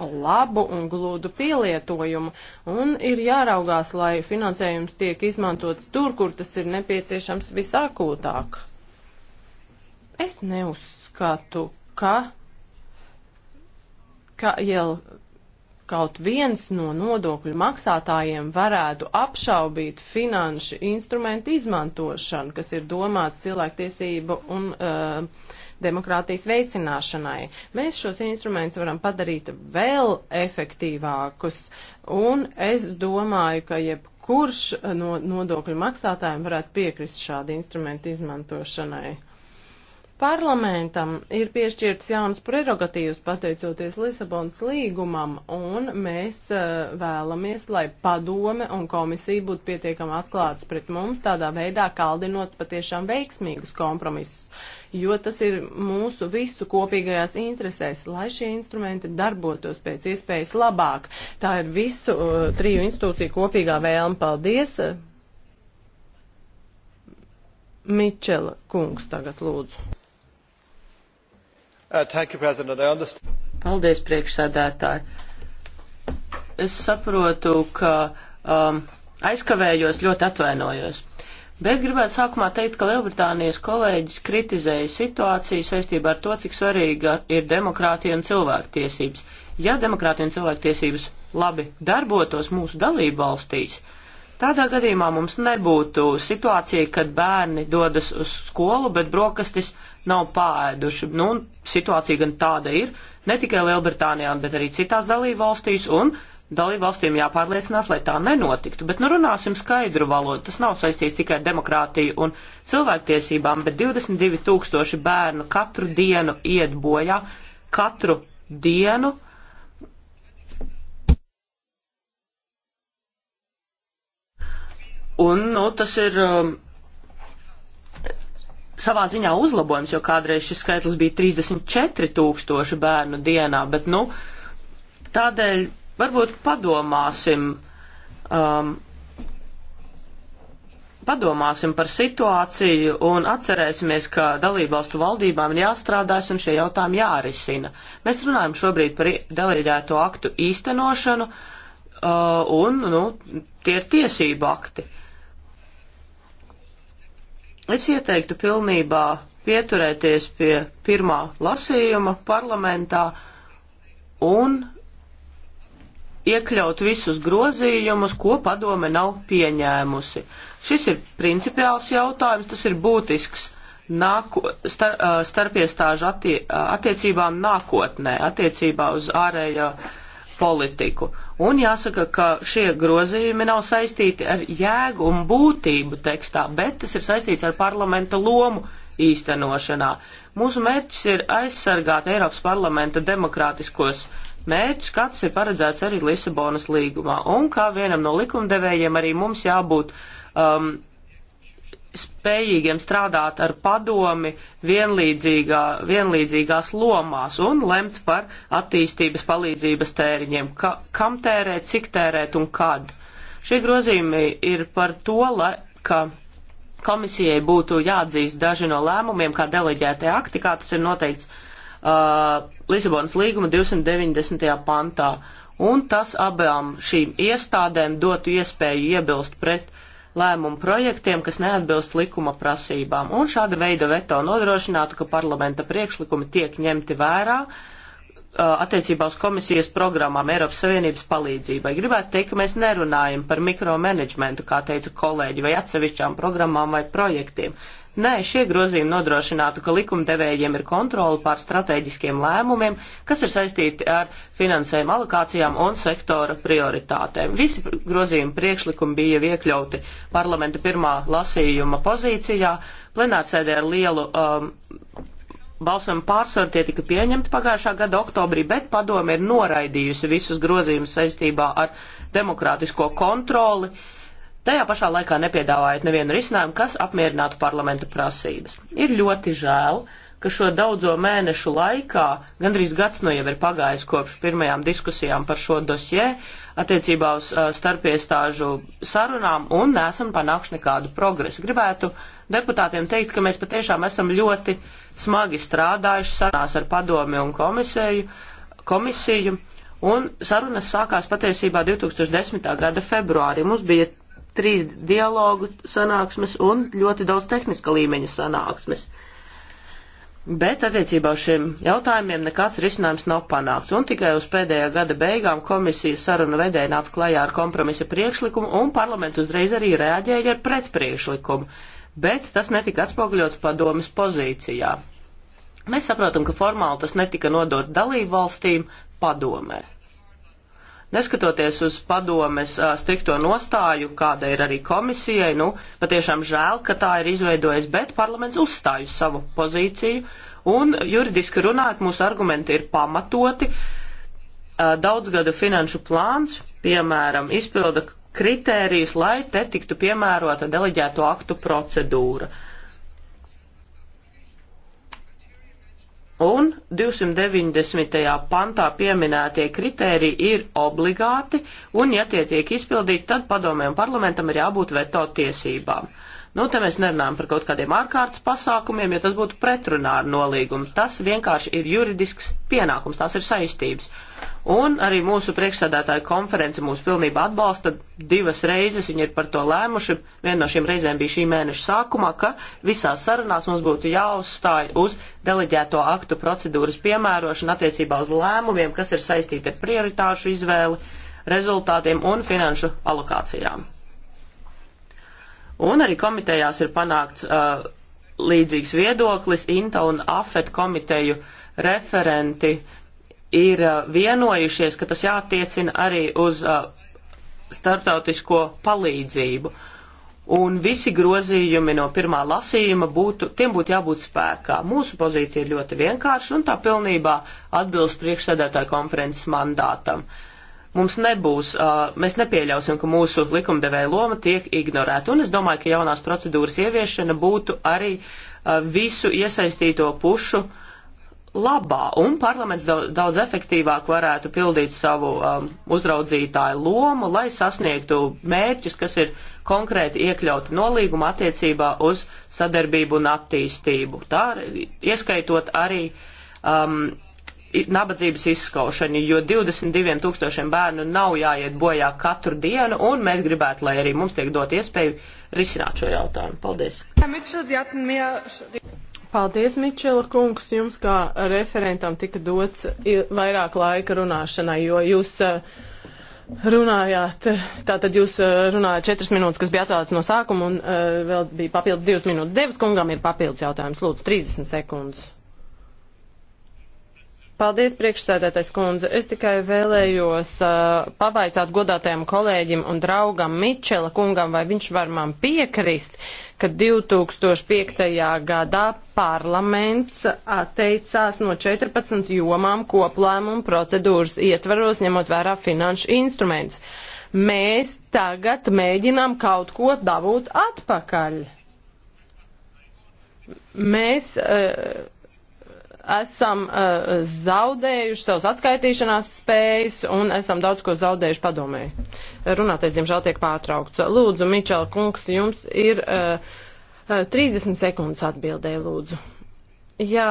labu un glūdu pielietojumu, un ir jāraugās, lai finansējums tiek izmantots tur, kur tas ir nepieciešams visākotāk. Es neuzskatu, ka, ka jau kaut viens no nodokļu maksātājiem varētu apšaubīt finanšu instrumentu izmantošanu, kas ir domāts cilvēktiesību un uh, demokrātijas veicināšanai. Mēs šos instrumentus varam padarīt vēl efektīvākus, un es domāju, ka jebkurš eh, no nodokļu maksātājiem varētu piekrist šādu instrumentu izmantošanai. Parlamentam ir piešķirts jauns prerogatīvs pateicoties Lisabonas līgumam, un mēs uh, vēlamies, lai padome un komisija būtu pietiekami atklātas pret mums, tādā veidā kaldinot patiešām veiksmīgus kompromisus, jo tas ir mūsu visu kopīgajās interesēs, lai šie instrumenti darbotos pēc iespējas labāk. Tā ir visu uh, triju institūciju kopīgā vēlme. Paldies! Mičela kungs tagad lūdzu. Uh, Paldies, priekšsēdētāji. Es saprotu, ka um, aizkavējos, ļoti atvainojos. Bet gribētu sākumā teikt, ka Lielbritānijas kolēģis kritizēja situāciju saistībā ar to, cik svarīga ir demokrātija un cilvēktiesības. Ja demokrātija un cilvēktiesības labi darbotos mūsu dalību valstīs, tādā gadījumā mums nebūtu situācija, kad bērni dodas uz skolu, bet brokastis uh, nav pāēduši. Nu, un situācija gan tāda ir, ne tikai Lielbritānijā, bet arī citās dalību valstīs, un dalību valstīm jāpārliecinās, lai tā nenotiktu. Bet nu runāsim skaidru valodu, tas nav saistīts tikai ar demokrātiju un cilvēktiesībām, bet 22 tūkstoši bērnu katru dienu iet bojā, katru dienu. Un, nu, tas ir um, savā ziņā uzlabojums, jo kādreiz šis skaitlis bija 34 tūkstoši bērnu dienā, bet, nu, tādēļ varbūt padomāsim, um, padomāsim par situāciju un atcerēsimies, ka dalībvalstu valdībām ir jāstrādājas un šie jautājumi jārisina. Mēs runājam šobrīd par deleģēto aktu īstenošanu uh, un, nu, tie ir tiesību akti. Uh, Es ieteiktu pilnībā pieturēties pie pirmā lasījuma parlamentā un iekļaut visus grozījumus, ko padome nav pieņēmusi. Šis ir principiāls jautājums, tas ir būtisks nāko, star, starpiestāžu attie, attiecībām nākotnē, attiecībā uz ārējo politiku. Un jāsaka, ka šie grozījumi nav saistīti ar jēgu un būtību tekstā, bet tas ir saistīts ar parlamenta lomu īstenošanā. Mūsu mērķis ir aizsargāt Eiropas parlamenta demokrātiskos mērķus, kāds ir paredzēts arī Lisabonas līgumā. Un kā vienam no likumdevējiem arī mums jābūt um, spējīgiem strādāt ar padomi vienlīdzīgā, vienlīdzīgās lomās un lemt par attīstības palīdzības tēriņiem, ka, kam tērēt, cik tērēt un kad. Šie grozījumi ir par to, lai, ka komisijai būtu jāatzīst daži no lēmumiem, kā deleģētie akti, kā tas ir noteikts uh, Lisabonas līguma 290. pantā, un tas abām šīm iestādēm dotu iespēju iebilst pret uh, lēmumu projektiem, kas neatbilst likuma prasībām. Un šāda veida veto nodrošinātu, ka parlamenta priekšlikumi tiek ņemti vērā uh, attiecībā uz komisijas programmām Eiropas Savienības palīdzībai. Gribētu teikt, ka mēs nerunājam par mikromanagementu, kā teica kolēģi, vai atsevišķām programmām vai projektiem. Nē, šie grozījumi nodrošinātu, ka likumdevējiem ir kontroli pār strateģiskiem lēmumiem, kas ir saistīti ar finansējuma alokācijām un sektora prioritātēm. Visi grozījumi priekšlikumi bija iekļauti parlamenta pirmā lasījuma pozīcijā, plenārsēdē ar lielu um, balsojumu pārsvaru tie tika pieņemti pagājušā gada oktobrī, bet padome ir noraidījusi visus grozījumus saistībā ar demokrātisko kontroli. Uh, Tajā pašā laikā nepiedāvājot nevienu risinājumu, kas apmierinātu parlamenta prasības. Ir ļoti žēl, ka šo daudzo mēnešu laikā, gandrīz gads no nu jau ir pagājis kopš pirmajām diskusijām par šo dosjē, attiecībā uz uh, starpiestāžu sarunām un nesam panākuši nekādu progresu. Gribētu deputātiem teikt, ka mēs patiešām esam ļoti smagi strādājuši sarunās ar padomi un komisēju, komisiju. Un sarunas sākās patiesībā 2010. gada februārī. Mums bija trīs dialogu sanāksmes un ļoti daudz tehniska līmeņa sanāksmes. Bet attiecībā uz šiem jautājumiem nekāds risinājums nav panākts, un tikai uz pēdējā gada beigām komisija saruna vedēja nāca klajā ar kompromisa priekšlikumu, un parlaments uzreiz arī reaģēja ar pretpriekšlikumu, bet tas netika atspoguļots padomas pozīcijā. Mēs saprotam, ka formāli tas netika nodots dalību valstīm padomē. Neskatoties uz padomes strikto nostāju, kāda ir arī komisijai, nu, patiešām žēl, ka tā ir izveidojis, bet parlaments uzstāj uz savu pozīciju, un juridiski runājot, mūsu argumenti ir pamatoti. Daudzgada finanšu plāns, piemēram, izpilda kritērijus, lai te tiktu piemērota deleģēto aktu procedūra. Uh, Un 290. pantā pieminētie kritēriji ir obligāti, un ja tie tiek izpildīti, tad padomēm parlamentam ir jābūt veto tiesībām. Nu, te mēs nerunājam par kaut kādiem ārkārtas pasākumiem, jo tas būtu pretrunā ar nolīgumu. Tas vienkārši ir juridisks pienākums, tās ir saistības. Un arī mūsu priekšsādātāja konference mūs pilnībā atbalsta. Divas reizes viņi ir par to lēmuši. Viena no šīm reizēm bija šī mēneša sākumā, ka visās sarunās mums būtu jāuzstāj uz deleģēto aktu procedūras piemērošanu attiecībā uz lēmumiem, kas ir saistīti ar prioritāšu izvēli, rezultātiem un finanšu alokācijām. Un arī komitejās ir panākts uh, līdzīgs viedoklis. Inta un AFET komiteju referenti uh, ir uh, vienojušies, ka tas jātiecina arī uz uh, starptautisko palīdzību. Un visi grozījumi no pirmā lasījuma būtu, tiem būtu jābūt spēkā. Mūsu pozīcija ir ļoti vienkārša un tā pilnībā atbilst priekšsēdētāju konferences mandātam. Mums nebūs, uh, mēs nepieļausim, ka mūsu likumdevēja loma tiek ignorēta. Un es domāju, ka jaunās procedūras ieviešana būtu arī visu iesaistīto pušu uh, labā, un parlaments daudz, daudz efektīvāk varētu pildīt savu um, uzraudzītāju lomu, lai sasniegtu mērķus, kas ir konkrēti iekļauti nolīguma attiecībā uz sadarbību un attīstību. Tā ieskaitot arī um, nabadzības izskaušanu, jo 22 tūkstošiem bērnu nav jāiet bojā katru dienu, un mēs gribētu, lai arī mums tiek dot iespēju risināt šo jautājumu. Paldies! Ja, Mitchell, Paldies, Mičela kungs, jums kā referentam tika dots vairāk laika runāšanai, jo jūs eh, runājāt, eh, tātad jūs eh, runājāt četras minūtes, kas bija atvēlēts no sākuma, un vēl bija papildus divas minūtes. Devas kungam ir papildus jautājums, lūdzu, 30 sekundes. Paldies, priekšsēdētais kundze. Es tikai vēlējos uh, pavaicāt godātajam kolēģim un draugam Mičela kungam, vai viņš var man piekrist, ka 2005. gadā parlaments atteicās no 14 jomām koplēmumu procedūras ietvaros, ņemot vērā finanšu instrumentus. Mēs tagad mēģinām kaut ko dabūt atpakaļ. Mēs. Uh, esam uh, zaudējuši savus atskaitīšanās spējas un esam daudz ko zaudējuši padomēji. Runātais, diemžēl, tiek pārtraukts. Lūdzu, Mičela kungs, jums ir uh, 30 uh, sekundes atbildēji, lūdzu. Jā,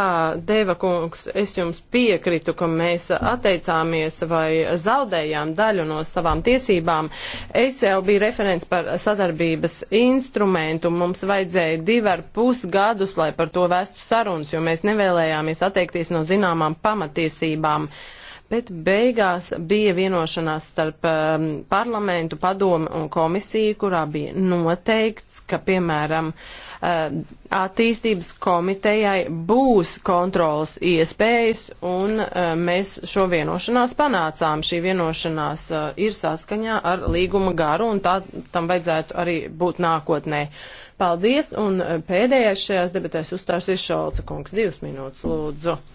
Deva kungs, es jums piekritu, ka mēs atteicāmies vai zaudējām daļu no savām tiesībām. Es jau biju referents par sadarbības instrumentu. Mums vajadzēja divi ar pus gadus, lai par to vestu sarunas, jo mēs nevēlējāmies atteikties no zināmām pamatiesībām. Uh, Bet beigās bija vienošanās starp um, parlamentu, padomu un komisiju, kurā bija noteikts, ka, piemēram, uh, attīstības komitejai būs kontrolas iespējas, un uh, mēs šo vienošanās panācām. Šī vienošanās uh, ir saskaņā ar līguma garu, un tā tam vajadzētu arī būt nākotnē. Paldies, un uh, pēdējais šajās debatēs uzstāsies Šolca kungs. Divas minūtes, lūdzu. Mm.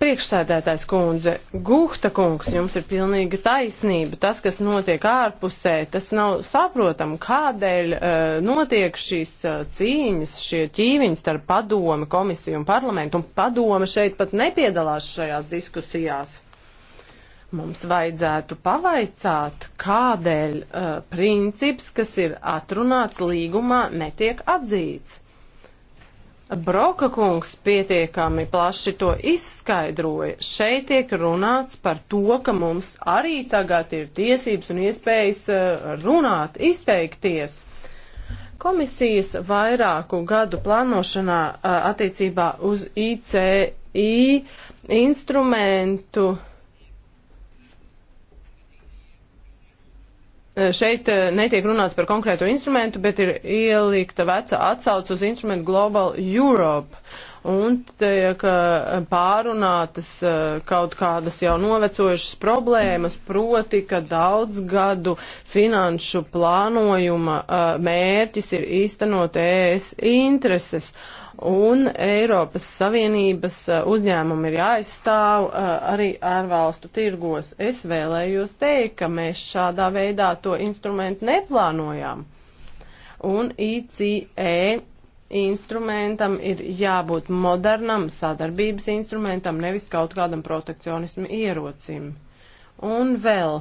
Priekšsēdētājs kundze, Guhta kungs, jums ir pilnīga taisnība. Tas, kas notiek ārpusē, tas nav saprotam, kādēļ uh, notiek šīs uh, cīņas, šie ķīviņi starp padomi, komisiju un parlamentu, un padome šeit pat nepiedalās šajās diskusijās mums vajadzētu pavaicāt, kādēļ uh, princips, kas ir atrunāts līgumā, netiek atzīts. Broka kungs pietiekami plaši to izskaidroja. Šeit tiek runāts par to, ka mums arī tagad ir tiesības un iespējas eh, runāt, izteikties. Komisijas vairāku gadu plānošanā eh, attiecībā uz ICI instrumentu Eh, šeit eh, netiek runāts par konkrēto instrumentu, bet ir ielikta veca atsauce uz instrumentu Global Europe. Un tiek eh, pārunātas kaut kādas jau novecojušas problēmas, proti, ka daudz gadu finanšu plānojuma mērķis ir īstenot ES intereses. Uh, un Eiropas Savienības uh, uzņēmumi ir jāaizstāv uh, arī ārvalstu tirgos. Es vēlējos teikt, ka mēs šādā veidā to instrumentu neplānojām. Un ICE instrumentam ir jābūt modernam sadarbības instrumentam, nevis kaut kādam protekcionismu ierocim. Un vēl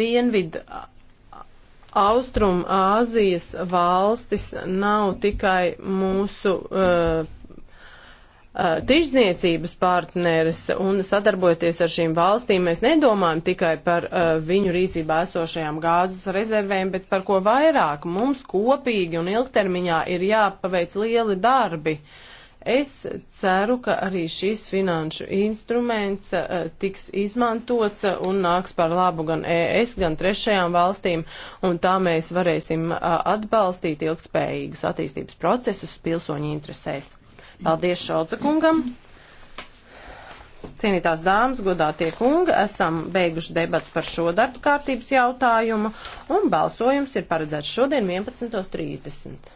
Dienvidu Austrum Āzijas valstis nav tikai mūsu uh, uh tirzniecības partneris un sadarbojoties ar šīm valstīm, mēs nedomājam tikai par uh, viņu rīcībā esošajām gāzes rezervēm, bet par ko vairāk mums kopīgi un ilgtermiņā ir jāpaveic lieli darbi. Uh, Es ceru, ka arī šis finanšu instruments eh, tiks izmantots un nāks par labu gan ES, gan trešajām valstīm, un tā mēs varēsim eh, atbalstīt ilgspējīgus attīstības procesus pilsoņu interesēs. Paldies Šalta kungam! Cienītās dāmas, godātie kungi, esam beiguši debats par šo darba kārtības jautājumu, un balsojums ir paredzēts šodien 11.30.